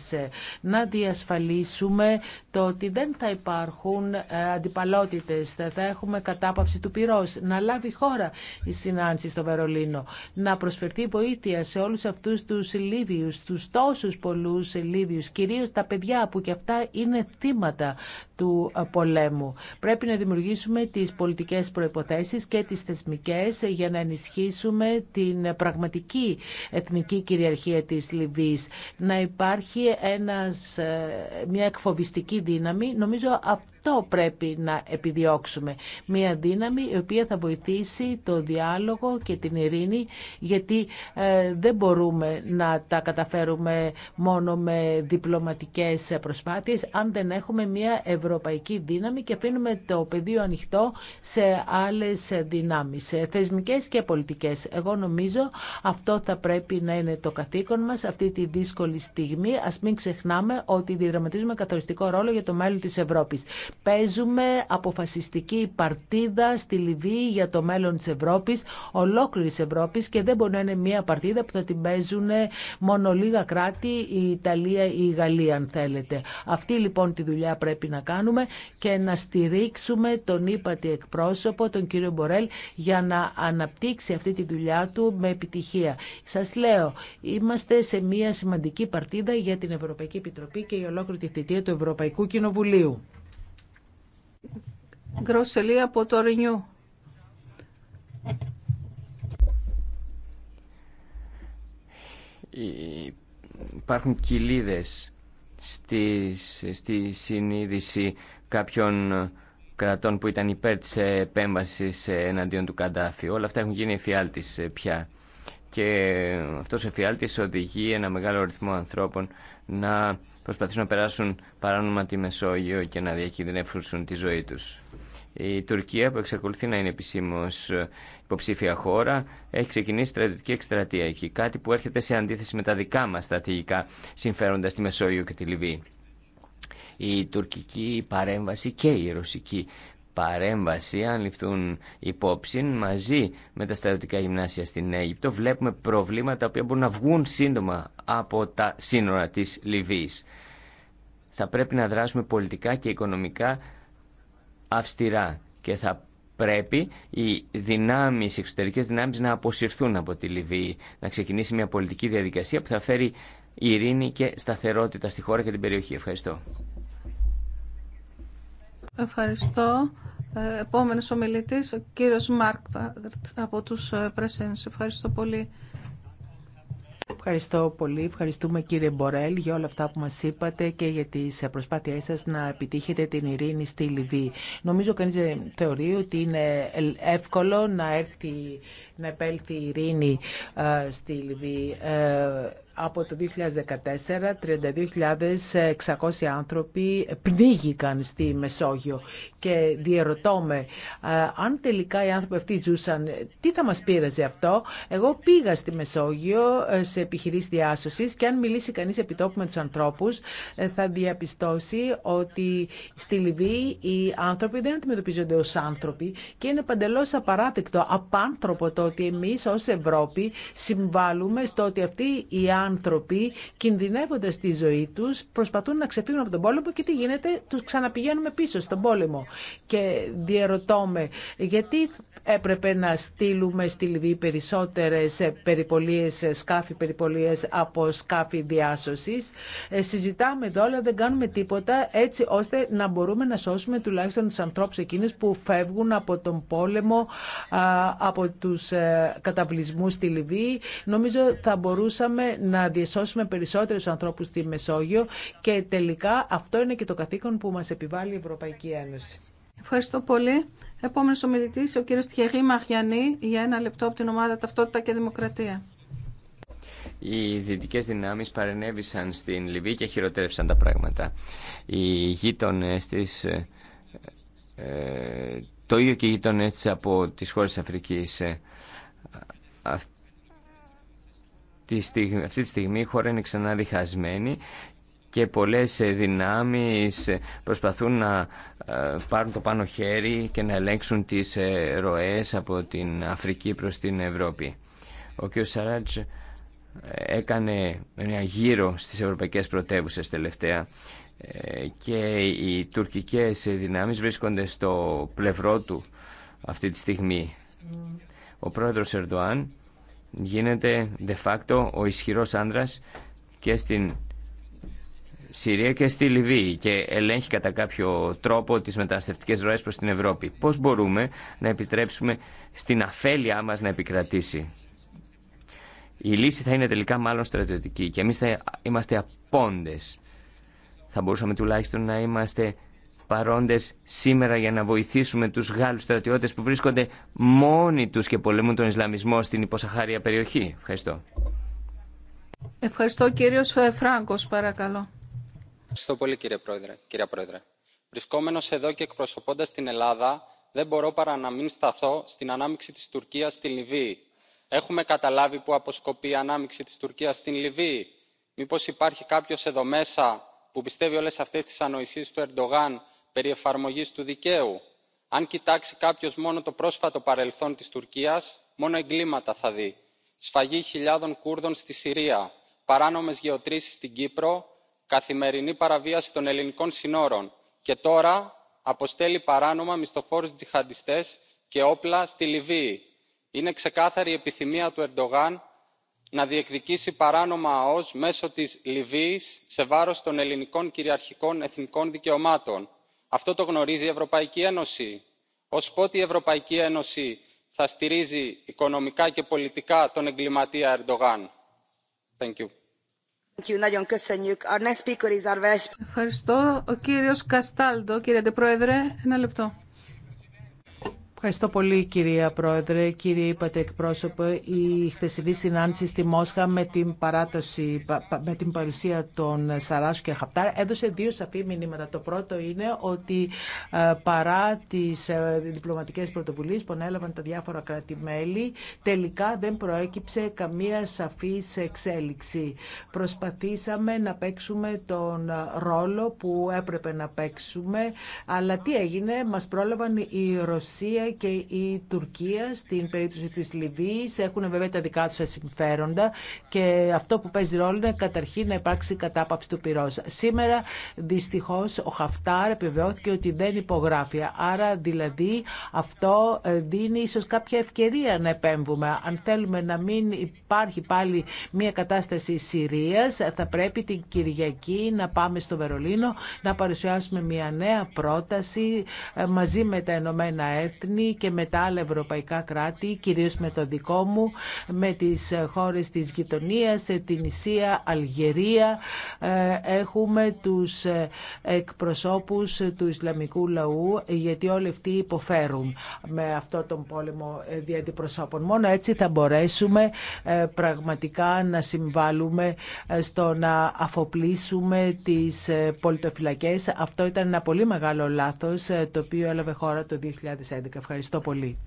Να διασφαλίσουμε το ότι δεν θα υπάρχουν ε, αντιπαλότητε. Θα έχουμε κατάπαυση του πυρό. Να λάβει χώρα η συνάντηση στο Βερολίνο. Να προσφερθεί βοήθεια σε όλου αυτού του Λίβιου, του τόσου πολλού Λίβιου, κυρίω τα παιδιά που και αυτά είναι θύματα του ε, πολέμου. Πρέπει να δημιουργήσουμε τις πολιτικές προϋποθέσεις και τις θεσμικές για να ενισχύσουμε την πραγματική εθνική κυριαρχία της Λιβύης. Να υπάρχει ένας, ε, μια εκφοβιστική δύναμη. Νομίζω αυτό πρέπει να επιδιώξουμε. Μια δύναμη η οποία θα βοηθήσει το διάλογο και την ειρήνη γιατί ε, δεν μπορούμε να τα καταφέρουμε μόνο με διπλωματικές προσπάθειες αν δεν έχουμε μια ευρωπαϊκή δύναμη και αφήνουμε το πεδίο ανοιχτό σε άλλες δυνάμεις, θεσμικές και πολιτικές. Εγώ νομίζω αυτό θα πρέπει να είναι το καθήκον μας αυτή τη δύσκολη στιγμή. Ας μην ξεχνάμε ότι διδραματίζουμε καθοριστικό ρόλο για το μέλλον της Ευρώπης. Παίζουμε αποφασιστική παρτίδα στη Λιβύη για το μέλλον της Ευρώπης, ολόκληρης Ευρώπης και δεν μπορεί να είναι μια παρτίδα που θα την παίζουν μόνο λίγα κράτη, η Ιταλία ή η Γαλλία αν θέλετε. Αυτή λοιπόν τη δουλειά πρέπει να κάνουμε και να στηρίξουμε τον ύπατη εκπρόσωπο, τον κύριο Μπορέλ, για να αναπτύξει αυτή τη δουλειά του με επιτυχία. Σας λέω, είμαστε σε μια σημαντική παρτίδα για την Ευρωπαϊκή Επιτροπή και η ολόκληρη θητεία του Ευρωπαϊκού Κοινοβουλίου. Γκρόσελη από το Ρινιού. Ε, υπάρχουν κοιλίδες στη, στη συνείδηση κάποιων κρατών που ήταν υπέρ της επέμβασης εναντίον του Καντάφη. Όλα αυτά έχουν γίνει εφιάλτης πια. Και αυτός ο εφιάλτης οδηγεί ένα μεγάλο αριθμό ανθρώπων να προσπαθήσουν να περάσουν παράνομα τη Μεσόγειο και να διακινδυνεύσουν τη ζωή τους. Η Τουρκία που εξακολουθεί να είναι επισήμω ε, υποψήφια χώρα έχει ξεκινήσει στρατιωτική εκστρατεία εκεί. Κάτι που έρχεται σε αντίθεση με τα δικά μα στρατηγικά συμφέροντα στη Μεσόγειο και τη Λιβύη. Η τουρκική παρέμβαση και η ρωσική παρέμβαση, αν ληφθούν υπόψη, μαζί με τα στρατιωτικά γυμνάσια στην Αίγυπτο, βλέπουμε προβλήματα που μπορούν να βγουν σύντομα από τα σύνορα της Λιβύης. Θα πρέπει να δράσουμε πολιτικά και οικονομικά αυστηρά και θα πρέπει οι δυνάμεις, οι εξωτερικές δυνάμεις να αποσυρθούν από τη Λιβύη, να ξεκινήσει μια πολιτική διαδικασία που θα φέρει ειρήνη και σταθερότητα στη χώρα και την περιοχή. Ευχαριστώ. Ευχαριστώ. Ε, επόμενος ομιλητής, ο κύριος Μάρκ από τους ε, Πρεσένους. Ευχαριστώ πολύ. Ευχαριστώ πολύ. Ευχαριστούμε κύριε Μπορέλ για όλα αυτά που μας είπατε και για τις προσπάθειές σας να επιτύχετε την ειρήνη στη Λιβύη. Νομίζω κανείς θεωρεί ότι είναι εύκολο να, έρθει, να επέλθει η ειρήνη ε, στη Λιβύη από το 2014 32.600 άνθρωποι πνίγηκαν στη Μεσόγειο και διερωτώμε με αν τελικά οι άνθρωποι αυτοί ζούσαν τι θα μας πείραζε αυτό εγώ πήγα στη Μεσόγειο ε, σε επιχειρήσεις διάσωσης και αν μιλήσει κανείς επιτόπου με τους ανθρώπους ε, θα διαπιστώσει ότι στη Λιβύη οι άνθρωποι δεν αντιμετωπίζονται ως άνθρωποι και είναι παντελώς απαράδεκτο απάνθρωπο το ότι εμείς ως Ευρώπη συμβάλλουμε στο ότι αυτοί οι άνθρωποι άνθρωποι κινδυνεύοντα τη ζωή του προσπαθούν να ξεφύγουν από τον πόλεμο και τι γίνεται, του ξαναπηγαίνουμε πίσω στον πόλεμο. Και διαρωτώ γιατί έπρεπε να στείλουμε στη Λιβύη περισσότερες περιπολίες, σκάφη περιπολίες από σκάφη διάσωσης. Ε, συζητάμε εδώ, αλλά δεν κάνουμε τίποτα έτσι ώστε να μπορούμε να σώσουμε τουλάχιστον του ανθρώπου εκείνου που φεύγουν από τον πόλεμο, από του ε, καταβλισμούς στη Λιβύη. Νομίζω θα μπορούσαμε να διασώσουμε περισσότερους ανθρώπους στη Μεσόγειο και τελικά αυτό είναι και το καθήκον που μας επιβάλλει η Ευρωπαϊκή Ένωση. Ευχαριστώ πολύ. Επόμενος ομιλητής, ο κύριος Τιερή Μαχιανή, για ένα λεπτό από την ομάδα Ταυτότητα και Δημοκρατία. Οι δυτικέ δυνάμει παρενέβησαν στην Λιβύη και χειροτέρευσαν τα πράγματα. Οι γείτονε τη. Ε, ε, το ίδιο και οι γείτονε από τι χώρε Αφρική. Ε, τη στιγμή, αυτή τη στιγμή η χώρα είναι ξανά διχασμένη και πολλές ε, δυνάμεις ε, προσπαθούν να ε, πάρουν το πάνω χέρι και να ελέγξουν τις ροές από την Αφρική προς την Ευρώπη. Ο κ. Σαράτζ έκανε μια γύρο στις ευρωπαϊκές πρωτεύουσες τελευταία και οι τουρκικές δυνάμεις βρίσκονται στο πλευρό του αυτή τη στιγμή. Mm. Ο πρόεδρος Ερντοάν γίνεται de facto ο ισχυρός άνδρας και στην Συρία και στη Λιβύη και ελέγχει κατά κάποιο τρόπο τις μεταναστευτικές ροές προς την Ευρώπη. Πώς μπορούμε να επιτρέψουμε στην αφέλειά μας να επικρατήσει. Η λύση θα είναι τελικά μάλλον στρατιωτική και εμείς θα είμαστε απόντες. Θα μπορούσαμε τουλάχιστον να είμαστε παρόντες σήμερα για να βοηθήσουμε τους Γάλλους στρατιώτες που βρίσκονται μόνοι τους και πολεμούν τον Ισλαμισμό στην υποσαχάρια περιοχή. Ευχαριστώ. Ευχαριστώ Κύριο ε, Φράγκος, παρακαλώ. Ευχαριστώ πολύ κύριε Πρόεδρε. Κύριε Πρόεδρε. Βρισκόμενος εδώ και εκπροσωπώντας την Ελλάδα, δεν μπορώ παρά να μην σταθώ στην ανάμειξη της Τουρκίας στην Λιβύη. Έχουμε καταλάβει που αποσκοπεί η ανάμειξη της Τουρκίας στην Λιβύη. Μήπως υπάρχει κάποιος εδώ μέσα που πιστεύει όλες αυτές τις ανοησίε του Ερντογάν περί εφαρμογής του δικαίου. αν κοιτάξει κάποιος μόνο το πρόσφατο παρελθόν της τουρκίας μόνο εγκλήματα θα δει σφαγή χιλιάδων κούρδων στη συρία παράνομες γεωτρήσεις στην κύπρο καθημερινή παραβίαση των ελληνικών συνόρων και τώρα αποστέλει παράνομα μισθοφόρους τζιχαντιστές και όπλα στη λιβύη. είναι ξεκάθαρη η επιθυμία του ερντογάν να διεκδικήσει παράνομα ΑΟΣ μέσω της λιβύης σε βάρος των ελληνικών κυριαρχικών εθνικών δικαιωμάτων αυτό το γνωρίζει η ευρωπαϊκή ένωση. ως πότε η ευρωπαϊκή ένωση θα στηρίζει οικονομικά και πολιτικά τον εγκληματία ερντογάν. Ευχαριστώ. Ο κύριος Καστάλντο, κύριε Αντιπρόεδρε, ένα λεπτό. Ευχαριστώ πολύ κυρία Πρόεδρε. Κύριε είπατε εκπρόσωπο, η χθεσινή συνάντηση στη Μόσχα με την, παράταση, με την παρουσία των Σαράσου και Χαπτάρ έδωσε δύο σαφή μηνύματα. Το πρώτο είναι ότι ε, παρά τις ε, διπλωματικές πρωτοβουλίες που ανέλαβαν τα διάφορα κράτη-μέλη, τελικά δεν προέκυψε καμία σαφή εξέλιξη. Προσπαθήσαμε να παίξουμε τον ρόλο που έπρεπε να παίξουμε, αλλά τι έγινε, μας πρόλαβαν η Ρωσία και η Τουρκία στην περίπτωση της Λιβύης έχουν βέβαια τα δικά τους συμφέροντα και αυτό που παίζει ρόλο είναι καταρχήν να υπάρξει κατάπαυση του πυρός. Σήμερα δυστυχώς ο Χαφτάρ επιβεβαιώθηκε ότι δεν υπογράφει. Άρα δηλαδή αυτό ε, δίνει ίσως κάποια ευκαιρία να επέμβουμε. Αν θέλουμε να μην υπάρχει πάλι μια κατάσταση Συρίας θα πρέπει την Κυριακή να πάμε στο Βερολίνο να παρουσιάσουμε μια νέα πρόταση ε, μαζί με τα Ηνωμένα Έθνη και με τα άλλα ευρωπαϊκά κράτη, κυρίως με το δικό μου, με τις χώρες της γειτονίας, την Ισία, Αλγερία. Ε, έχουμε τους εκπροσώπους του Ισλαμικού λαού, γιατί όλοι αυτοί υποφέρουν με αυτό τον πόλεμο ε, διαντιπροσώπων. Μόνο έτσι θα μπορέσουμε ε, πραγματικά να συμβάλλουμε στο να αφοπλίσουμε τις πολιτοφυλακές. Αυτό ήταν ένα πολύ μεγάλο λάθος το οποίο έλαβε χώρα το 2011. Ευχαριστώ πολύ.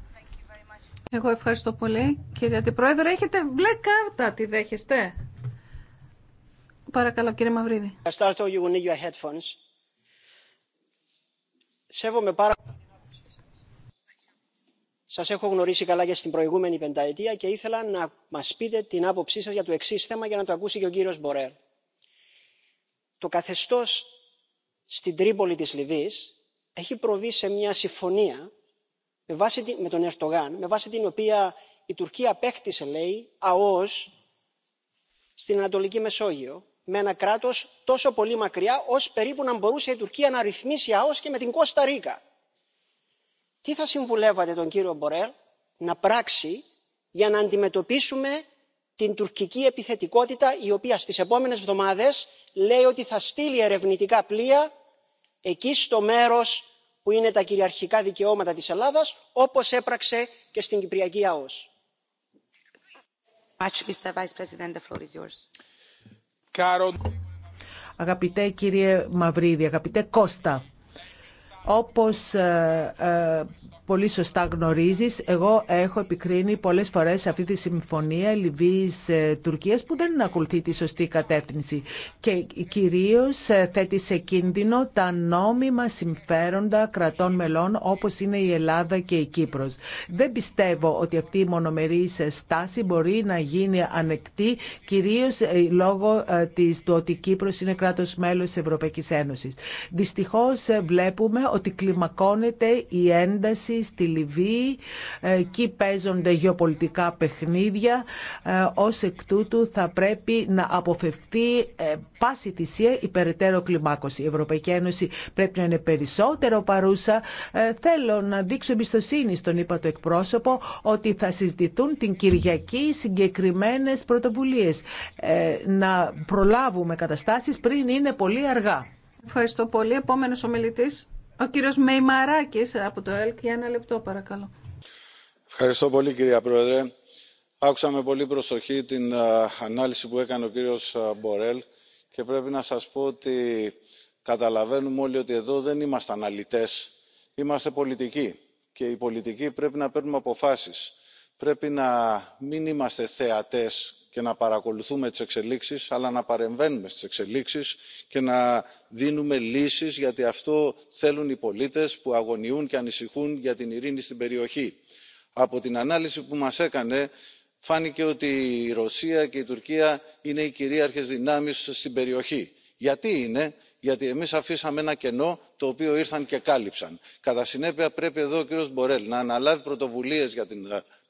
Εγώ ευχαριστώ πολύ. Κύριε Αντιπρόεδρε, έχετε μπλε κάρτα. Τη δέχεστε. Παρακαλώ, κύριε Μαυρίδη. Σέβομαι πάρα Σα έχω γνωρίσει καλά και στην προηγούμενη πενταετία και ήθελα να μα πείτε την άποψή σα για το εξή θέμα για να το ακούσει και ο κύριο Μπορέλ. Το καθεστώ στην Τρίπολη τη Λιβύης έχει προβεί σε μια συμφωνία με τον ερντογάν με βάση την οποία η τουρκία απέκτησε λέει αως στην ανατολική μεσόγειο με ένα κράτος τόσο πολύ μακριά ώστε περίπου να μπορούσε η τουρκία να ρυθμίσει αως και με την κώστα ρίκα. τι θα συμβουλεύατε τον κύριο μπορέλ να πράξει για να αντιμετωπίσουμε την τουρκική επιθετικότητα η οποία στις επόμενες εβδομάδες λέει ότι θα στείλει ερευνητικά πλοία εκεί στο μέρος που είναι τα κυριαρχικά δικαιώματα της ελλάδας όπως έπραξε και στην κυπριακή ΑΟΣ. Αγαπητέ κύριε Μαυρίδη, αγαπητέ Κώστα, όπως ε, ε, πολύ σωστά γνωρίζεις, εγώ έχω επικρίνει πολλές φορές αυτή τη συμφωνία Λιβύης-Τουρκίας που δεν ακολουθεί τη σωστή κατεύθυνση και κυρίως ε, θέτει σε κίνδυνο τα νόμιμα συμφέροντα κρατών μελών όπως είναι η Ελλάδα και η Κύπρος. Δεν πιστεύω ότι αυτή η μονομερής στάση μπορεί να γίνει ανεκτή κυρίως λόγω του ότι η Κύπρος είναι κράτος μέλος της Ευρωπαϊκής Ένωσης. Δυστυχώς βλέπουμε ότι κλιμακώνεται η ένταση στη Λιβύη. Ε, εκεί παίζονται γεωπολιτικά παιχνίδια. Ε, ως εκ τούτου θα πρέπει να αποφευθεί ε, πάση θυσία υπεραιτέρω κλιμάκωση. Η Ευρωπαϊκή Ένωση πρέπει να είναι περισσότερο παρούσα. Θέλω να δείξω εμπιστοσύνη στον είπα το εκπρόσωπο ότι θα συζητηθούν την Κυριακή συγκεκριμένες πρωτοβουλίες. Να προλάβουμε καταστάσεις πριν είναι πολύ αργά. Ευχαριστώ πολύ. Επόμενος ομιλητής. Ο κύριος Μεϊμαράκης από το ΕΛΚ για ένα λεπτό παρακαλώ. Ευχαριστώ πολύ κυρία Πρόεδρε. Άκουσα με πολύ προσοχή την ανάλυση που έκανε ο κύριος Μπορέλ και πρέπει να σας πω ότι καταλαβαίνουμε όλοι ότι εδώ δεν είμαστε αναλυτές, είμαστε πολιτικοί και οι πολιτικοί πρέπει να παίρνουμε αποφάσεις. Πρέπει να μην είμαστε θεατές και να παρακολουθούμε τις εξελίξεις αλλά να παρεμβαίνουμε στις εξελίξεις και να δίνουμε λύσεις γιατί αυτό θέλουν οι πολίτες που αγωνιούν και ανησυχούν για την ειρήνη στην περιοχή. από την ανάλυση που μας έκανε φάνηκε ότι η ρωσία και η τουρκία είναι οι κυρίαρχες δυνάμεις στην περιοχή. γιατί είναι; γιατί εμείς αφήσαμε ένα κενό το οποίο ήρθαν και κάλυψαν. κατά συνέπεια πρέπει εδώ ο κύριος μπορέλ να αναλάβει πρωτοβουλίες για την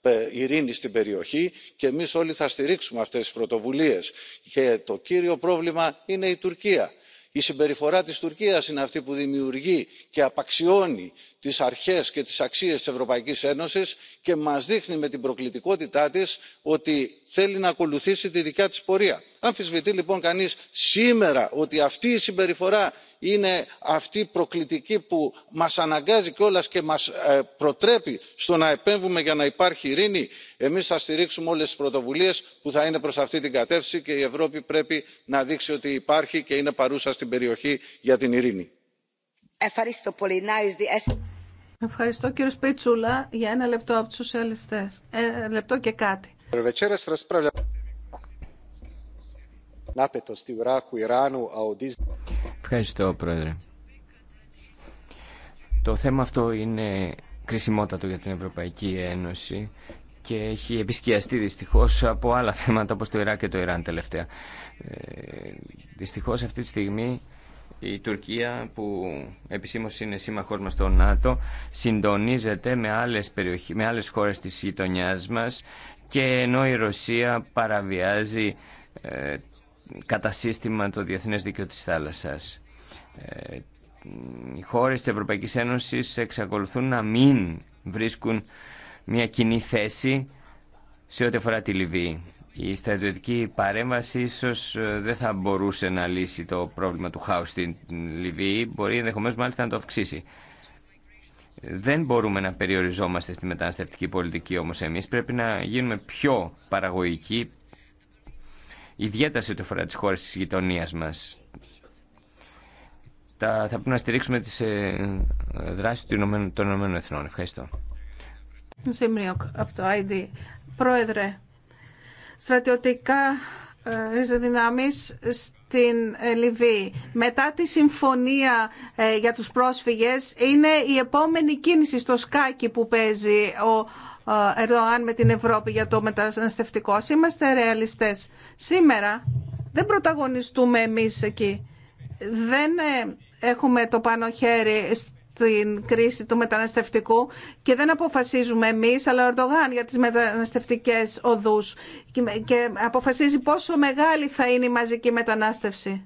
ε, ειρήνη στην περιοχή και εμείς όλοι θα στηρίξουμε αυτές τις πρωτοβουλίες. και το κύριο πρόβλημα είναι η τουρκία η συμπεριφορά της τουρκίας είναι αυτή που δημιουργεί και απαξιώνει τις αρχές και τις αξίες της ευρωπαϊκής ένωσης και μας δείχνει με την προκλητικότητά της ότι θέλει να ακολουθήσει τη δικιά της πορεία. αμφισβητεί λοιπόν κανείς σήμερα ότι αυτή η συμπεριφορά είναι αυτή προκλητική που μας αναγκάζει κιόλα και μας ε, προτρέπει στο να επέμβουμε για να υπάρχει ειρήνη. εμείς θα στηρίξουμε όλες τις πρωτοβουλίες που θα είναι προς αυτή την κατεύθυνση και η ευρώπη πρέπει να δείξει ότι υπάρχει και είναι παρούσα στην στην περιοχή για την ειρήνη. Ευχαριστώ πολύ. Ευχαριστώ κύριο Σπίτσουλα για ένα λεπτό από τους σοσιαλιστές. Ένα ε, λεπτό και κάτι. Ευχαριστώ πρόεδρε. Το θέμα αυτό είναι κρισιμότατο για την Ευρωπαϊκή Ένωση και έχει επισκιαστεί δυστυχώς από άλλα θέματα όπως το Ιράκ και το Ιράν τελευταία. Ε, αυτή τη στιγμή η Τουρκία που επισήμως είναι σύμμαχός μας στο ΝΑΤΟ συντονίζεται με άλλες, περιοχές, με άλλες χώρες της γειτονιά μας και ενώ η Ρωσία παραβιάζει ε, κατά σύστημα το διεθνές δίκαιο της θάλασσας. Ε, οι χώρες της Ευρωπαϊκής Ένωσης εξακολουθούν να μην βρίσκουν μια κοινή θέση σε ό,τι αφορά τη Λιβύη. Η στρατιωτική παρέμβαση ίσως ε, δεν θα μπορούσε να λύσει το πρόβλημα του χάου στην Λιβύη, μπορεί ενδεχομένω μάλιστα να το αυξήσει. Δεν μπορούμε να περιοριζόμαστε στη μεταναστευτική πολιτική όμως εμείς, πρέπει να γίνουμε πιο παραγωγικοί, ιδιαίτερα σε ό,τι αφορά τις χώρες της γειτονίας μας. Θα πρέπει να στηρίξουμε τις ε, δράσεις των Ηνωμένων Εθνών. Ευχαριστώ. Ζημριοκ από το ID. Πρόεδρε, στρατιωτικά ε, δυνάμεις στην ε, Λιβύη. Μετά τη συμφωνία ε, για τους πρόσφυγες είναι η επόμενη κίνηση στο σκάκι που παίζει ο Ερντοάν με την Ευρώπη για το μεταναστευτικό. είμαστε ρεαλιστές. Σήμερα δεν πρωταγωνιστούμε εμείς εκεί. Δεν έχουμε το πάνω χέρι την κρίση του μεταναστευτικού και δεν αποφασίζουμε εμείς, αλλά ο Ερντογάν για τις μεταναστευτικές οδούς και αποφασίζει πόσο μεγάλη θα είναι η μαζική μετανάστευση.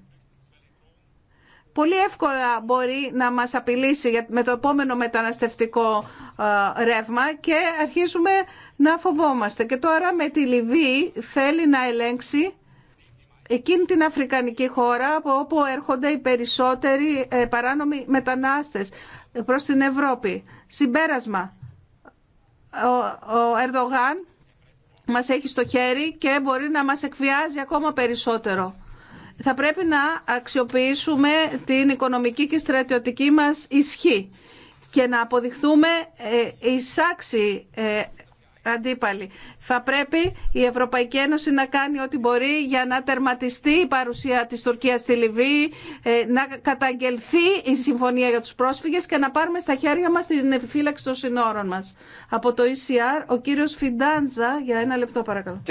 Πολύ εύκολα μπορεί να μας απειλήσει με το επόμενο μεταναστευτικό ρεύμα και αρχίζουμε να φοβόμαστε. Και τώρα με τη Λιβύη θέλει να ελέγξει εκείνη την Αφρικανική χώρα από όπου έρχονται οι περισσότεροι ε, παράνομοι μετανάστες προς την Ευρώπη. Συμπέρασμα, ο Ερδογάν μας έχει στο χέρι και μπορεί να μας εκβιάζει ακόμα περισσότερο. Θα πρέπει να αξιοποιήσουμε την οικονομική και στρατιωτική μας ισχύ και να αποδειχθούμε ε, εισάξη. Ε, αντίπαλοι. Θα πρέπει η Ευρωπαϊκή Ένωση να κάνει ό,τι μπορεί για να τερματιστεί η παρουσία της Τουρκίας στη Λιβύη, ε, να καταγγελθεί η συμφωνία για τους πρόσφυγες και να πάρουμε στα χέρια μας την επιφύλαξη των συνόρων μας. Από το ECR, ο κύριος Φιντάντζα, για ένα λεπτό παρακαλώ.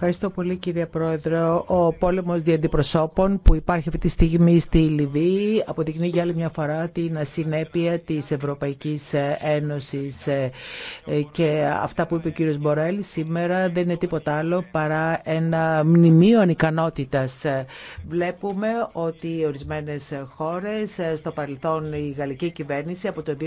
Ευχαριστώ πολύ κύριε Πρόεδρε. Ο πόλεμος διαντιπροσώπων που υπάρχει αυτή τη στιγμή στη Λιβύη αποδεικνύει για άλλη μια φορά την ασυνέπεια τη Ευρωπαϊκή Ένωση ε, ε, και αυτά που είπε ο κύριος Μπορέλ σήμερα δεν είναι τίποτα άλλο παρά ένα μνημείο ανικανότητας. Βλέπουμε ότι ορισμένες χώρες, στο παρελθόν η γαλλική κυβέρνηση από το 2011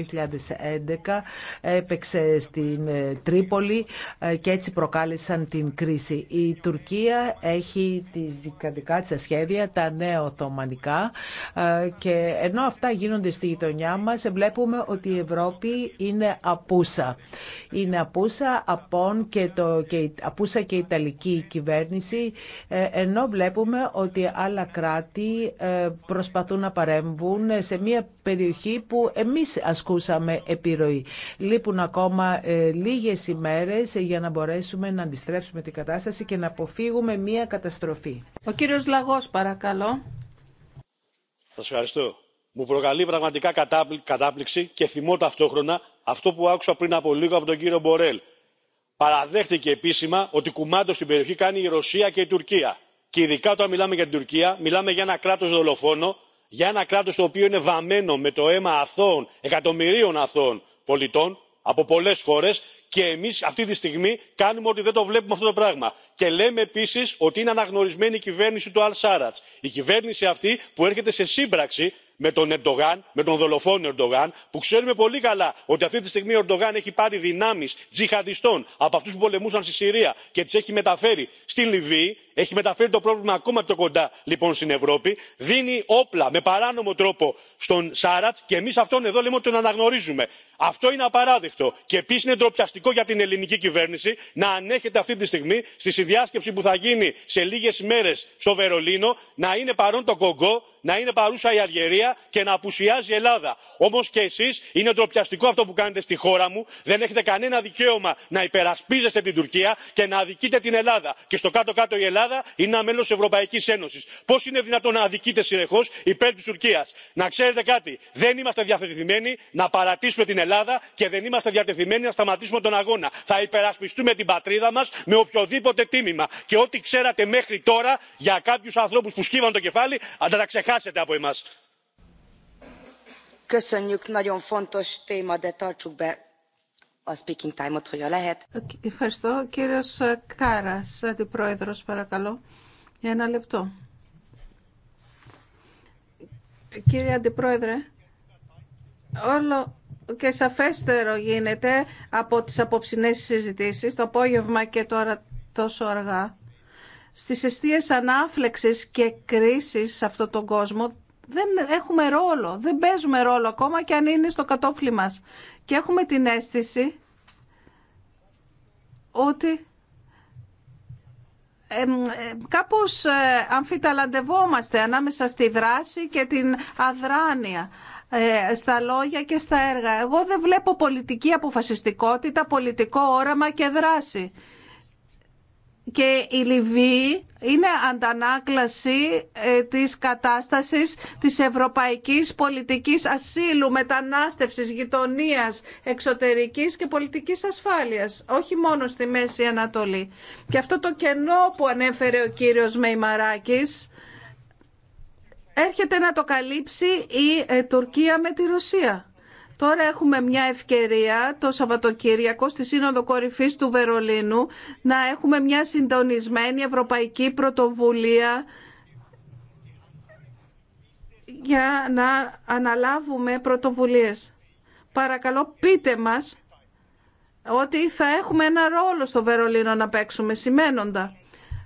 έπαιξε στην ε, Τρίπολη ε, και έτσι προκάλεσαν την κρίση. Η Τουρκία έχει τις δικαδικά της σχέδια, τα νέα Οθωμανικά ε, και ενώ αυτά γίνονται στη γειτονιά μας βλέπουμε ότι η Ευρώπη είναι απούσα. Είναι απούσα, απόν και, το, και, απούσα και η Ιταλική κυβέρνηση, ε, ενώ βλέπουμε ότι άλλα κράτη ε, προσπαθούν να παρέμβουν σε μια περιοχή που εμείς ασκούσαμε επιρροή. Λείπουν ακόμα ε, λίγες ημέρες για να μπορέσουμε να αντιστρέψουμε την κατάσταση και να αποφύγουμε μια καταστροφή. Ο κύριος Λαγός, παρακαλώ. Σας ευχαριστώ. Μου προκαλεί πραγματικά κατάπληξη και θυμώ ταυτόχρονα αυτό που άκουσα πριν από λίγο από τον κύριο μπορέλ παραδέχτηκε επίσημα ότι κουμάντο στην περιοχή κάνει η ρωσία και η τουρκία και ειδικά όταν μιλάμε για την τουρκία μιλάμε για ένα κράτο δολοφόνο για ένα κράτο το οποίο είναι βαμμένο με το αίμα αθώων εκατομμυρίων αθώων πολιτών από πολλέ χώρε και εμεί αυτή τη στιγμή κάνουμε ότι δεν το βλέπουμε αυτό το πράγμα. Και λέμε επίση ότι είναι αναγνωρισμένη η κυβέρνηση του αλ σάρατ. Η κυβέρνηση αυτή που έρχεται σε σύμπραξη με τον ερντογάν με τον δολοφόνο ερντογάν που ξέρουμε πολύ καλά ότι αυτή τη στιγμή ο ερντογάν έχει πάρει δυνάμει τζιχαντιστών από αυτού που πολεμούσαν στη συρία και τι έχει μεταφέρει στην λιβύη έχει μεταφέρει το πρόβλημα ακόμα πιο κοντά λοιπόν στην ευρώπη δίνει όπλα με παράνομο τρόπο στον σάρατ και εμεί αυτόν εδώ λέμε ότι τον αναγνωρίζουμε. αυτό είναι απαράδεκτο και επίση είναι ντροπιαστικό για την ελληνική κυβέρνηση να ανέχεται αυτή τη στιγμή στη συνδιάσκεψη που θα γίνει σε λίγε μέρε στο βερολίνο να είναι παρόν το κονγκό να είναι παρούσα η Αλγερία και να απουσιάζει η Ελλάδα. Όμω και εσεί είναι ντροπιαστικό αυτό που κάνετε στη χώρα μου. Δεν έχετε κανένα δικαίωμα να υπερασπίζεστε την Τουρκία και να αδικείτε την Ελλάδα. Και στο κάτω-κάτω η Ελλάδα είναι ένα μέλο τη Ευρωπαϊκή Ένωση. Πώ είναι δυνατόν να αδικείτε συνεχώ υπέρ τη Τουρκία. Να ξέρετε κάτι, δεν είμαστε διαθετημένοι να παρατήσουμε την Ελλάδα και δεν είμαστε διατεθειμένοι να σταματήσουμε τον αγώνα. Θα υπερασπιστούμε την πατρίδα μα με οποιοδήποτε τίμημα. Και ό,τι ξέρατε μέχρι τώρα για κάποιου ανθρώπου που σκύβαν το κεφάλι, ξεχάσετε από εμάς. Ευχαριστώ. Κύριος Κάρας, αντιπρόεδρος, παρακαλώ, για ένα λεπτό. Κύριε Αντιπρόεδρε, όλο και σαφέστερο γίνεται από τις απόψινές συζητήσεις, το απόγευμα και τώρα τόσο αργά, στις αιστείες ανάφλεξης και κρίσης σε αυτόν τον κόσμο δεν έχουμε ρόλο, δεν παίζουμε ρόλο ακόμα και αν είναι στο κατόφλι μας. Και έχουμε την αίσθηση ότι ε, κάπως αμφιταλαντευόμαστε ανάμεσα στη δράση και την αδράνεια ε, στα λόγια και στα έργα. Εγώ δεν βλέπω πολιτική αποφασιστικότητα, πολιτικό όραμα και δράση και η Λιβύη είναι αντανάκλαση ε, της κατάστασης της ευρωπαϊκής πολιτικής ασύλου, μετανάστευσης, γειτονίας, εξωτερικής και πολιτικής ασφάλειας, όχι μόνο στη Μέση Ανατολή. Και αυτό το κενό που ανέφερε ο κύριος Μεϊμαράκης έρχεται να το καλύψει η ε, Τουρκία με τη Ρωσία. Τώρα έχουμε μια ευκαιρία το Σαββατοκύριακο στη Σύνοδο Κορυφής του Βερολίνου να έχουμε μια συντονισμένη ευρωπαϊκή πρωτοβουλία για να αναλάβουμε πρωτοβουλίες. Παρακαλώ πείτε μας ότι θα έχουμε ένα ρόλο στο Βερολίνο να παίξουμε σημαίνοντα.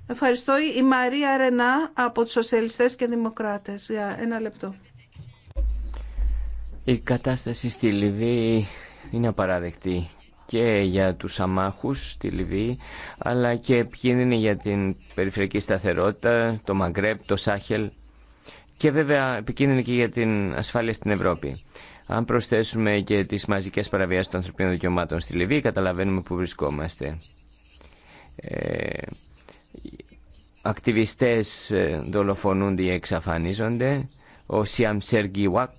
Ευχαριστώ η Μαρία Ρενά από τους Σοσιαλιστές και Δημοκράτες. Για ένα λεπτό. Η κατάσταση στη Λιβύη είναι απαράδεκτη και για τους αμάχους στη Λιβύη αλλά και επικίνδυνη για την περιφερειακή σταθερότητα, το Μαγκρέπ, το Σάχελ και βέβαια επικίνδυνη και για την ασφάλεια στην Ευρώπη. Αν προσθέσουμε και τις μαζικές παραβιάσεις των ανθρωπίνων δικαιωμάτων στη Λιβύη καταλαβαίνουμε που βρισκόμαστε. Ε, ακτιβιστές ε, δολοφονούνται ή εξαφανίζονται. Ο Σιαμ Σεργιουάκ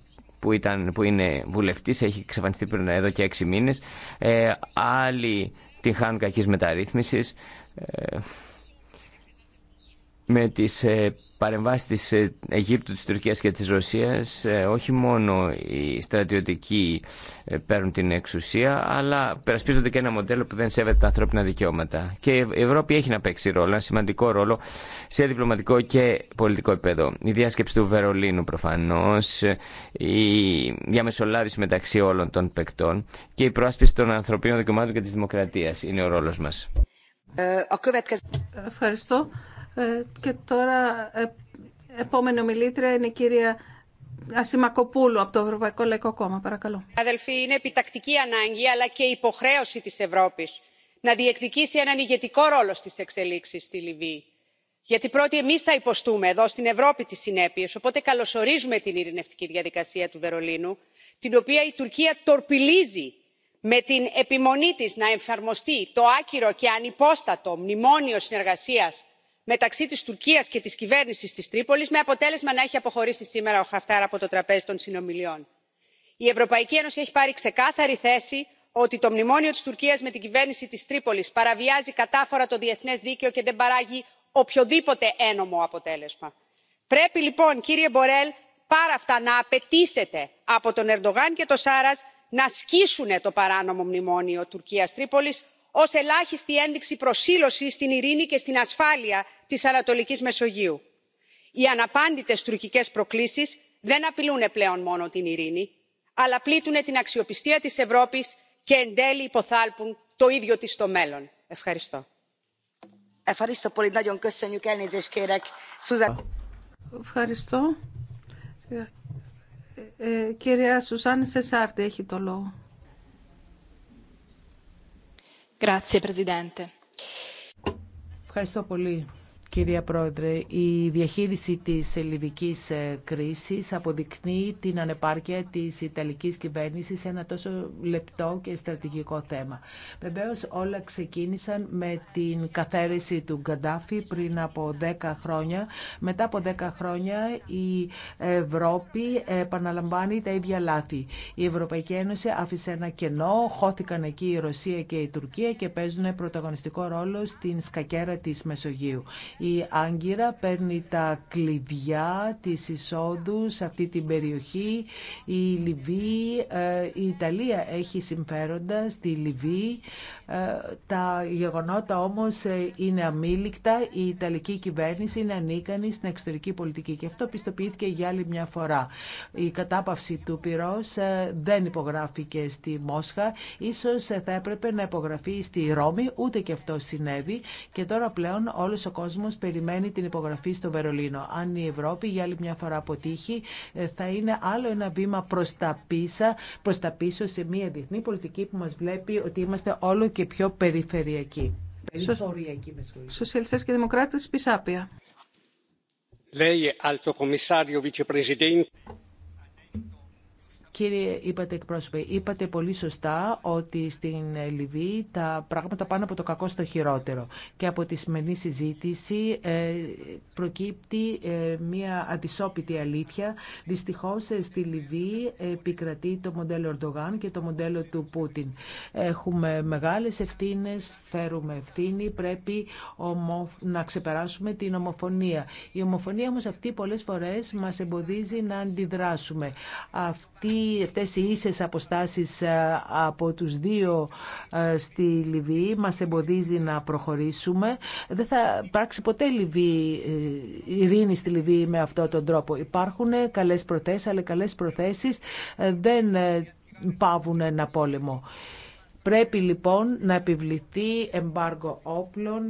που, ήταν, που είναι βουλευτή, έχει εξαφανιστεί πριν εδώ και έξι μήνες. Ε, άλλοι την χάνουν κακής μεταρρύθμισης. Ε, με τις ε, παρεμβάσεις της ε, Αιγύπτου, της Τουρκίας και της Ρωσίας ε, όχι μόνο οι στρατιωτικοί παίρνουν την εξουσία αλλά περασπίζονται και ένα μοντέλο που δεν σέβεται τα ανθρώπινα δικαιώματα. Και η Ευρώπη έχει να παίξει ρόλο, ένα σημαντικό ρόλο σε διπλωματικό και πολιτικό επίπεδο. Η διάσκεψη του Βερολίνου προφανώς, η διαμεσολάβηση μεταξύ όλων των παικτών και η προάσπιση των ανθρωπίνων δικαιωμάτων και της δημοκρατίας είναι ο ρόλος μας. Ευχαριστώ. Ε, και τώρα ε, επόμενη ομιλήτρια είναι η κυρία Ασημακοπούλου από το Ευρωπαϊκό Λαϊκό Κόμμα. Παρακαλώ. Αδελφοί, είναι επιτακτική ανάγκη αλλά και υποχρέωση της Ευρώπης να διεκδικήσει έναν ηγετικό ρόλο στις εξελίξεις στη Λιβύη. Γιατί πρώτοι εμείς θα υποστούμε εδώ στην Ευρώπη τις συνέπειες, οπότε καλωσορίζουμε την ειρηνευτική διαδικασία του Βερολίνου, την οποία η Τουρκία τορπιλίζει με την επιμονή της να εφαρμοστεί το άκυρο και ανυπόστατο μνημόνιο συνεργασίας μεταξύ της τουρκίας και της κυβέρνησης της τρίπολης με αποτέλεσμα να έχει αποχωρήσει σήμερα ο χαφτάρ από το τραπέζι των συνομιλιών. η ευρωπαϊκή ένωση έχει πάρει ξεκάθαρη θέση ότι το μνημόνιο της τουρκίας με την κυβέρνηση της τρίπολης παραβιάζει κατάφορα το διεθνές δίκαιο και δεν παράγει οποιοδήποτε ένομο αποτέλεσμα. πρέπει λοιπόν κύριε μπορέλ παρά αυτά να απαιτήσετε από τον ερντογάν και τον σάρας να σκίσουν το παράνομο μνημόνιο τουρκίας τρίπολης ως ελάχιστη ένδειξη προσήλωσης στην ειρήνη και στην ασφάλεια της ανατολικής μεσογείου. οι αναπάντητες τουρκικές προκλήσεις δεν απειλούν πλέον μόνο την ειρήνη αλλά πλήττουν την αξιοπιστία της ευρώπης και εν τέλει υποθάλπουν το ίδιο της το μέλλον. ευχαριστώ. ευχαριστώ. Ε, ε, ε, κυρία σε Σεσάρτη έχει το λόγο. Ευχαριστώ πολύ Κυρία Πρόεδρε, η διαχείριση της ελληνικής ε, κρίσης αποδεικνύει την ανεπάρκεια της Ιταλικής κυβέρνησης σε ένα τόσο λεπτό και στρατηγικό θέμα. Βεβαίω όλα ξεκίνησαν με την καθαίρεση του Γκαντάφη πριν από 10 χρόνια. Μετά από 10 χρόνια η Ευρώπη επαναλαμβάνει τα ίδια λάθη. Η Ευρωπαϊκή Ένωση άφησε ένα κενό, χώθηκαν εκεί η Ρωσία και η Τουρκία και παίζουν πρωταγωνιστικό ρόλο στην σκακέρα της Μεσογείου. Η Άγκυρα παίρνει τα κλειδιά της εισόδου σε αυτή την περιοχή. Η Λιβύη, ε, η Ιταλία έχει συμφέροντα στη Λιβύη. Ε, τα γεγονότα όμως ε, είναι αμήλικτα. Η Ιταλική κυβέρνηση είναι ανίκανη στην εξωτερική πολιτική και αυτό πιστοποιήθηκε για άλλη μια φορά. Η κατάπαυση του πυρός δεν υπογράφηκε στη Μόσχα. Ίσως θα έπρεπε να υπογραφεί στη Ρώμη, ούτε και αυτό συνέβη. Και τώρα πλέον όλος ο κόσμος περιμένει την υπογραφή στο Βερολίνο. Αν η Ευρώπη για άλλη μια φορά αποτύχει, ε, θα είναι άλλο ένα βήμα προς τα, πίσω, προς τα πίσω σε μια διεθνή πολιτική που μας βλέπει ότι είμαστε όλο και πιο περιφερειακοί. Περιφερειακοί, με σχολεία. Σοσιαλιστές και Δημοκράτες, Πισάπια. Κύριε, είπατε εκπρόσωπε, είπατε πολύ σωστά ότι στην Λιβύη τα πράγματα πάνε από το κακό στο χειρότερο. Και από τη σημερινή συζήτηση ε, προκύπτει ε, μια αντισόπιτη αλήθεια. Δυστυχώς ε, στη Λιβύη επικρατεί το μοντέλο Ερντογάν και το μοντέλο του Πούτιν. Έχουμε μεγάλες ευθύνε, φέρουμε ευθύνη, πρέπει να ξεπεράσουμε την ομοφωνία. Η ομοφωνία όμω αυτή πολλέ φορέ μα εμποδίζει να αντιδράσουμε αυτή, αυτές οι ίσες αποστάσεις ε, από τους δύο ε, στη Λιβύη μας εμποδίζει να προχωρήσουμε. Δεν θα υπάρξει ποτέ Λιβύη, ε, ειρήνη στη Λιβύη με αυτόν τον τρόπο. Υπάρχουν καλές προθέσεις, αλλά καλές προθέσεις δεν πάβουν ένα πόλεμο. Πρέπει λοιπόν να επιβληθεί εμπάργο όπλων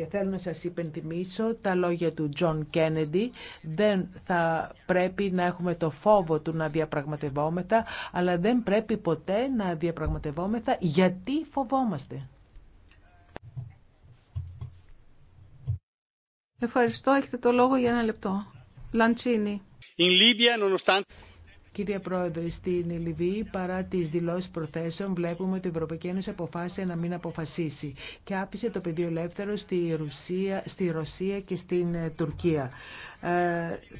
και θέλω να σας υπενθυμίσω τα λόγια του Τζον Κένεντι. Δεν θα πρέπει να έχουμε το φόβο του να διαπραγματευόμεθα, αλλά δεν πρέπει ποτέ να διαπραγματευόμεθα γιατί φοβόμαστε. Ευχαριστώ. Έχετε το λόγο για ένα λεπτό. Λαντσίνη. Κύριε Πρόεδρε, στην Λιβύη, παρά τι δηλώσει προθέσεων, βλέπουμε ότι η Ευρωπαϊκή Ένωση αποφάσισε να μην αποφασίσει και άφησε το πεδίο ελεύθερο στη, Ρωσία, στη Ρωσία και στην ε, Τουρκία. Ε,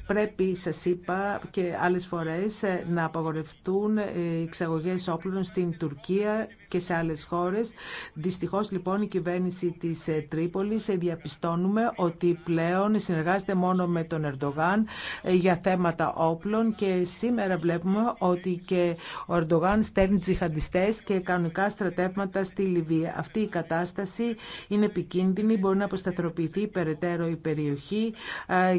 πρέπει, σα είπα και άλλε φορέ, ε, να απαγορευτούν ε, οι εξαγωγέ όπλων στην Τουρκία και σε άλλες χώρες. Δυστυχώς λοιπόν η κυβέρνηση της ε, Τρίπολης ε, διαπιστώνουμε ότι πλέον συνεργάζεται μόνο με τον Ερντογάν ε, για θέματα όπλων και σήμερα βλέπουμε ότι και ο Ερντογάν στέλνει τζιχαντιστές και κανονικά στρατεύματα στη Λιβύη. Αυτή η κατάσταση είναι επικίνδυνη, μπορεί να αποσταθροποιηθεί περαιτέρω η περιοχή,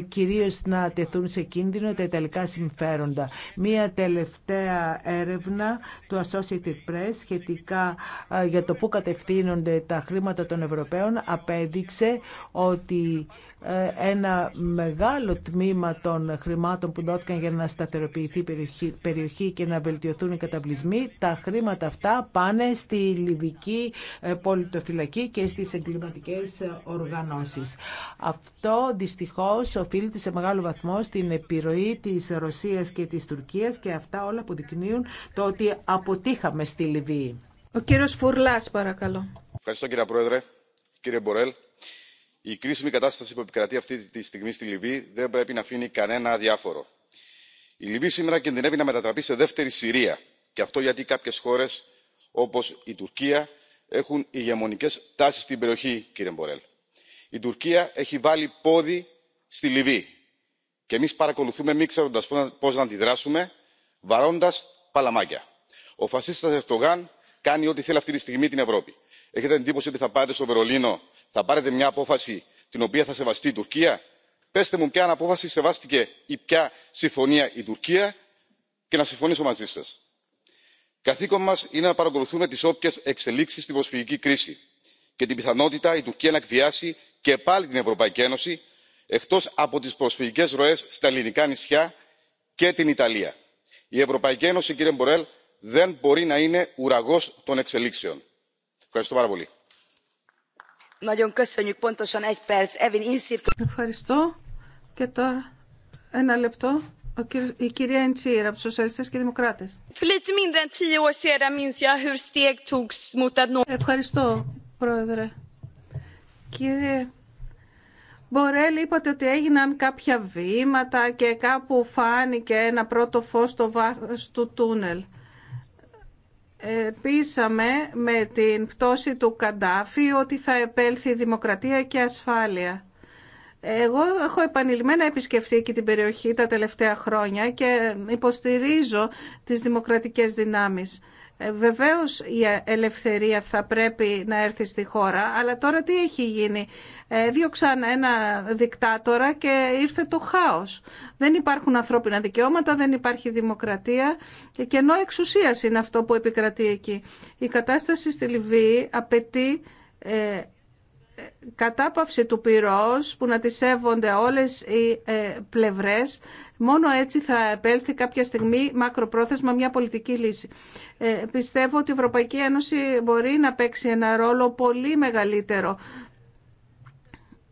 κυρίως να τεθούν σε κίνδυνο τα ιταλικά συμφέροντα. Μία τελευταία έρευνα του Associated Press σχετικά ε, για το πού κατευθύνονται τα χρήματα των Ευρωπαίων απέδειξε ότι ε, ένα μεγάλο τμήμα των χρημάτων που δόθηκαν για να σταθεροποιηθεί η περιοχή και να βελτιωθούν οι καταβλισμοί, τα χρήματα αυτά πάνε στη Λιβική ε, πολιτοφυλακή και στις εγκληματικές οργανώσεις. Αυτό δυστυχώς οφείλεται σε μεγάλο βαθμό στην επιρροή της Ρωσίας και της Τουρκίας και αυτά όλα αποδεικνύουν το ότι αποτύχαμε στη Λιβύη. Ο κύριος Φουρλάς, παρακαλώ. Ευχαριστώ κύριε Πρόεδρε. Κύριε Μπορέλ, η κρίσιμη κατάσταση που επικρατεί αυτή τη στιγμή στη Λιβύη δεν πρέπει να αφήνει κανένα αδιάφορο. Η Λιβύη σήμερα κινδυνεύει να μετατραπεί σε δεύτερη Συρία. Και αυτό γιατί κάποιε χώρε, όπω η Τουρκία, έχουν ηγεμονικέ τάσει στην περιοχή, κύριε Μπορέλ. Η Τουρκία έχει βάλει πόδι στη Λιβύη. Και εμεί παρακολουθούμε μη ξέροντα πώ να αντιδράσουμε, βαρώντα παλαμάκια. Ο φασίστα Ερτογάν κάνει ό,τι θέλει αυτή τη στιγμή την ευρώπη. έχετε εντύπωση ότι θα πάτε στο βερολίνο θα πάρετε μια απόφαση την οποία θα σεβαστεί η τουρκία. Πεστε μου ποια απόφαση σεβάστηκε ή ποια συμφωνία η τουρκία και να συμφωνήσω μαζί σα. καθήκον μα είναι να παρακολουθούμε τι όποιε εξελίξει στην προσφυγική κρίση και την πιθανότητα η τουρκία να εκβιάσει και πάλι την ευρωπαϊκή ένωση εκτό από τι προσφυγικέ ροέ στα ελληνικά νησιά και την ιταλία. η ευρωπαϊκή ένωση κύριε μπορέλ δεν μπορεί να είναι ουραγός των εξελίξεων. Ευχαριστώ πάρα πολύ. Ευχαριστώ. Και τώρα ένα λεπτό. Η κυρία Εντσίρα από του Σοσιαλιστέ και Δημοκράτε. Ευχαριστώ, Πρόεδρε. Κύριε Μπορέλ, είπατε ότι έγιναν κάποια βήματα και κάπου φάνηκε ένα πρώτο φως στο βάθος του τούνελ πείσαμε με την πτώση του Καντάφη ότι θα επέλθει δημοκρατία και ασφάλεια. Εγώ έχω επανειλημμένα επισκεφθεί και την περιοχή τα τελευταία χρόνια και υποστηρίζω τις δημοκρατικές δυνάμεις. Ε, βεβαίως η ελευθερία θα πρέπει να έρθει στη χώρα, αλλά τώρα τι έχει γίνει. Ε, Διώξαν ένα δικτάτορα και ήρθε το χάος. Δεν υπάρχουν ανθρώπινα δικαιώματα, δεν υπάρχει δημοκρατία και κενό εξουσίας είναι αυτό που επικρατεί εκεί. Η κατάσταση στη Λιβύη απαιτεί ε, κατάπαυση του πυρός που να τη σέβονται όλες οι πλευρές Μόνο έτσι θα επέλθει κάποια στιγμή μακροπρόθεσμα μια πολιτική λύση. Ε, πιστεύω ότι η Ευρωπαϊκή Ένωση μπορεί να παίξει ένα ρόλο πολύ μεγαλύτερο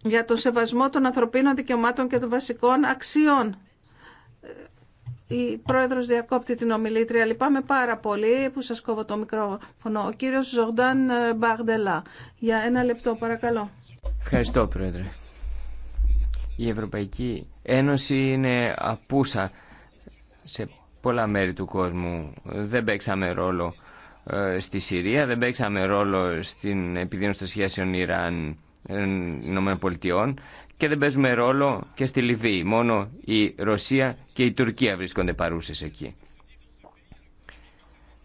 για το σεβασμό των ανθρωπίνων δικαιωμάτων και των βασικών αξιών. Ε, η πρόεδρος διακόπτει την ομιλήτρια. Λυπάμαι πάρα πολύ που σας κόβω το μικρόφωνο. Ο κύριος Ζορντάν ε, Μπαγντελά. Για ένα λεπτό παρακαλώ. Ευχαριστώ πρόεδρε. Η Ευρωπαϊκή Ένωση είναι απούσα σε πολλά μέρη του κόσμου. Δεν παίξαμε ρόλο ε, στη Συρία, δεν παίξαμε ρόλο στην επιδείνωση των σχέσεων Ιράν-ΗΠΑ ε, και δεν παίζουμε ρόλο και στη Λιβύη. Μόνο η Ρωσία και η Τουρκία βρίσκονται παρούσες εκεί.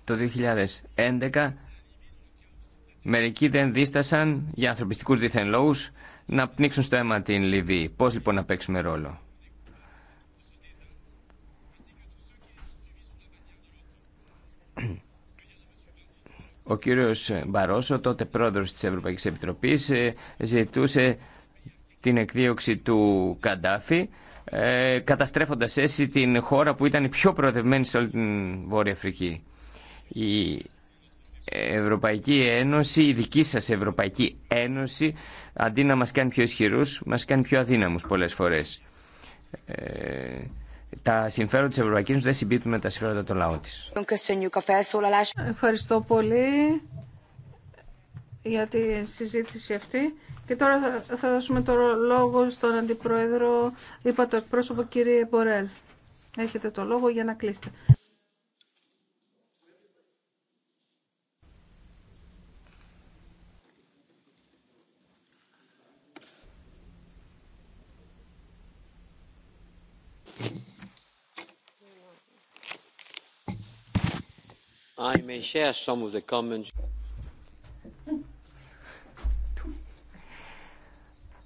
Το 2011 μερικοί δεν δίστασαν για ανθρωπιστικούς διθεν λόγους να πνίξουν στο αίμα την Λιβύη. Πώς λοιπόν να παίξουμε ρόλο. Ο κύριος Μπαρόσο, τότε πρόεδρος της Ευρωπαϊκής Επιτροπής, ε, ζητούσε την εκδίωξη του Καντάφη, ε, καταστρέφοντας έτσι την χώρα που ήταν η πιο προοδευμένη σε όλη την Βόρεια Αφρική. Η Ευρωπαϊκή Ένωση, η δική σας Ευρωπαϊκή Ένωση, αντί να μας κάνει πιο ισχυρούς, μας κάνει πιο αδύναμους πολλές φορές. Ε, τα συμφέροντα τη Ευρωπαϊκή Ένωση δεν συμπίπτουν με τα συμφέροντα των λαών τη. Ευχαριστώ πολύ για τη συζήτηση αυτή. Και τώρα θα δώσουμε το λόγο στον Αντιπρόεδρο, είπα το εκπρόσωπο κύριε Μπορέλ. Έχετε το λόγο για να κλείσετε.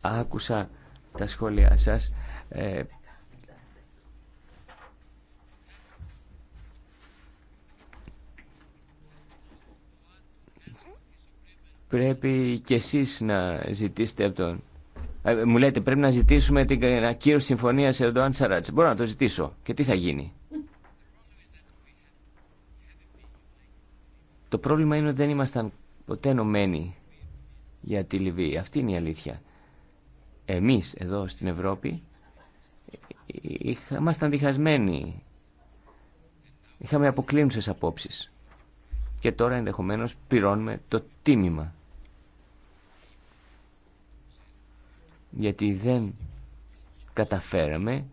Άκουσα τα σχόλιά σας. Ε, πρέπει και εσείς να ζητήσετε από τον... Ε, μου λέτε πρέπει να ζητήσουμε την ακύρωση συμφωνίας Ερντοάν Σαράτς. Μπορώ να το ζητήσω. Και τι θα γίνει. Το πρόβλημα είναι ότι δεν ήμασταν ποτέ ενωμένοι για τη Λιβύη. Αυτή είναι η αλήθεια. Εμείς εδώ στην Ευρώπη ήμασταν διχασμένοι. Είχαμε αποκλίνουσες απόψεις. Και τώρα ενδεχομένως πληρώνουμε το τίμημα. Γιατί δεν καταφέραμε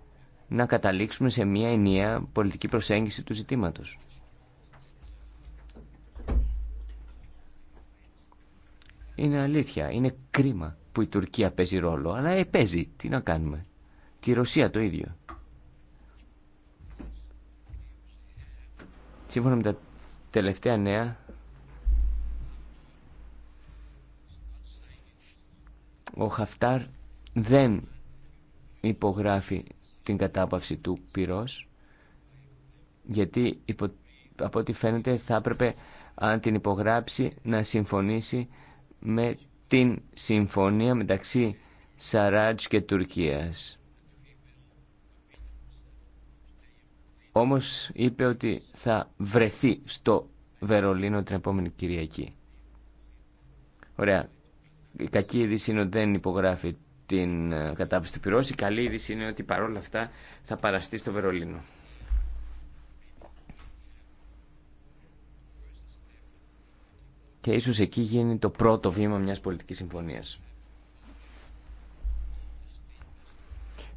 να καταλήξουμε σε μια ενιαία πολιτική προσέγγιση του ζητήματος. Είναι αλήθεια. Είναι κρίμα που η Τουρκία παίζει ρόλο. Αλλά ε, παίζει. Τι να κάνουμε. Και η Ρωσία το ίδιο. Σύμφωνα με τα τελευταία νέα, ο Χαφτάρ δεν υπογράφει την κατάπαυση του πυρός, γιατί από ό,τι φαίνεται θα έπρεπε αν την υπογράψει να συμφωνήσει με την συμφωνία μεταξύ Σαράτζ και Τουρκίας. Όμως είπε ότι θα βρεθεί στο Βερολίνο την επόμενη Κυριακή. Ωραία. Η κακή είδηση είναι ότι δεν υπογράφει την ε, κατάπιση του πυρός. Η καλή είδηση είναι ότι παρόλα αυτά θα παραστεί στο Βερολίνο. και ίσως εκεί γίνει το πρώτο βήμα μιας πολιτικής συμφωνίας.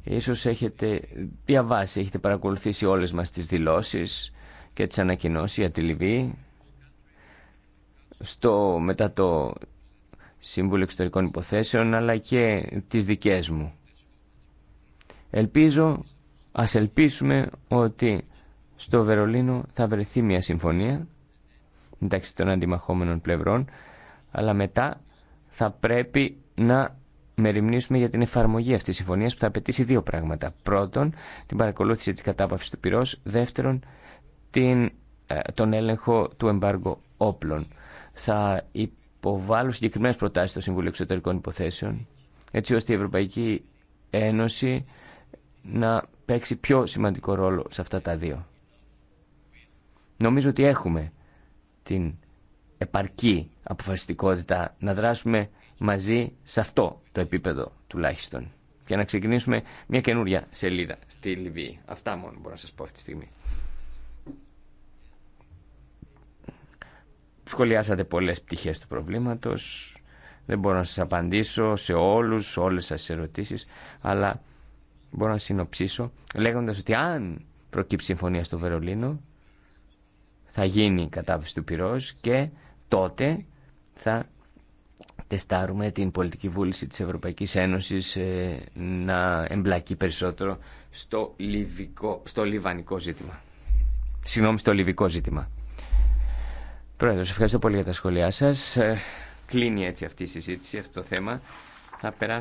Ίσως έχετε διαβάσει, έχετε παρακολουθήσει όλες μας τις δηλώσεις και τις ανακοινώσεις για τη Λιβύη στο, μετά το Σύμβουλο Εξωτερικών Υποθέσεων αλλά και τις δικές μου. Ελπίζω, ας ελπίσουμε ότι στο Βερολίνο θα βρεθεί μια συμφωνία μεταξύ των αντιμαχόμενων πλευρών, αλλά μετά θα πρέπει να μεριμνήσουμε για την εφαρμογή αυτής της συμφωνίας που θα απαιτήσει δύο πράγματα. Πρώτον, την παρακολούθηση της κατάπαυσης του πυρός. Δεύτερον, την, ε, τον έλεγχο του εμπάργου όπλων. Θα υποβάλω συγκεκριμένες προτάσεις στο Συμβούλιο Εξωτερικών Υποθέσεων, έτσι ώστε η Ευρωπαϊκή Ένωση να παίξει πιο σημαντικό ρόλο σε αυτά τα δύο. Νομίζω ότι έχουμε την επαρκή αποφασιστικότητα να δράσουμε μαζί σε αυτό το επίπεδο τουλάχιστον και να ξεκινήσουμε μια καινούρια σελίδα στη Λιβύη. Αυτά μόνο μπορώ να σας πω αυτή τη στιγμή. Σχολιάσατε πολλές πτυχές του προβλήματος. Δεν μπορώ να σας απαντήσω σε όλους, σε όλες σας ερωτήσεις, αλλά μπορώ να συνοψίσω λέγοντας ότι αν προκύψει συμφωνία στο Βερολίνο, θα γίνει η κατάπιση του πυρός και τότε θα τεστάρουμε την πολιτική βούληση της Ευρωπαϊκής Ένωσης ε, να εμπλακεί περισσότερο στο, λιβικό, στο λιβανικό ζήτημα. Συγγνώμη, στο λιβικό ζήτημα. Πρόεδρος, ευχαριστώ πολύ για τα σχόλιά σας. Ε, κλείνει έτσι αυτή η συζήτηση, αυτό το θέμα. Θα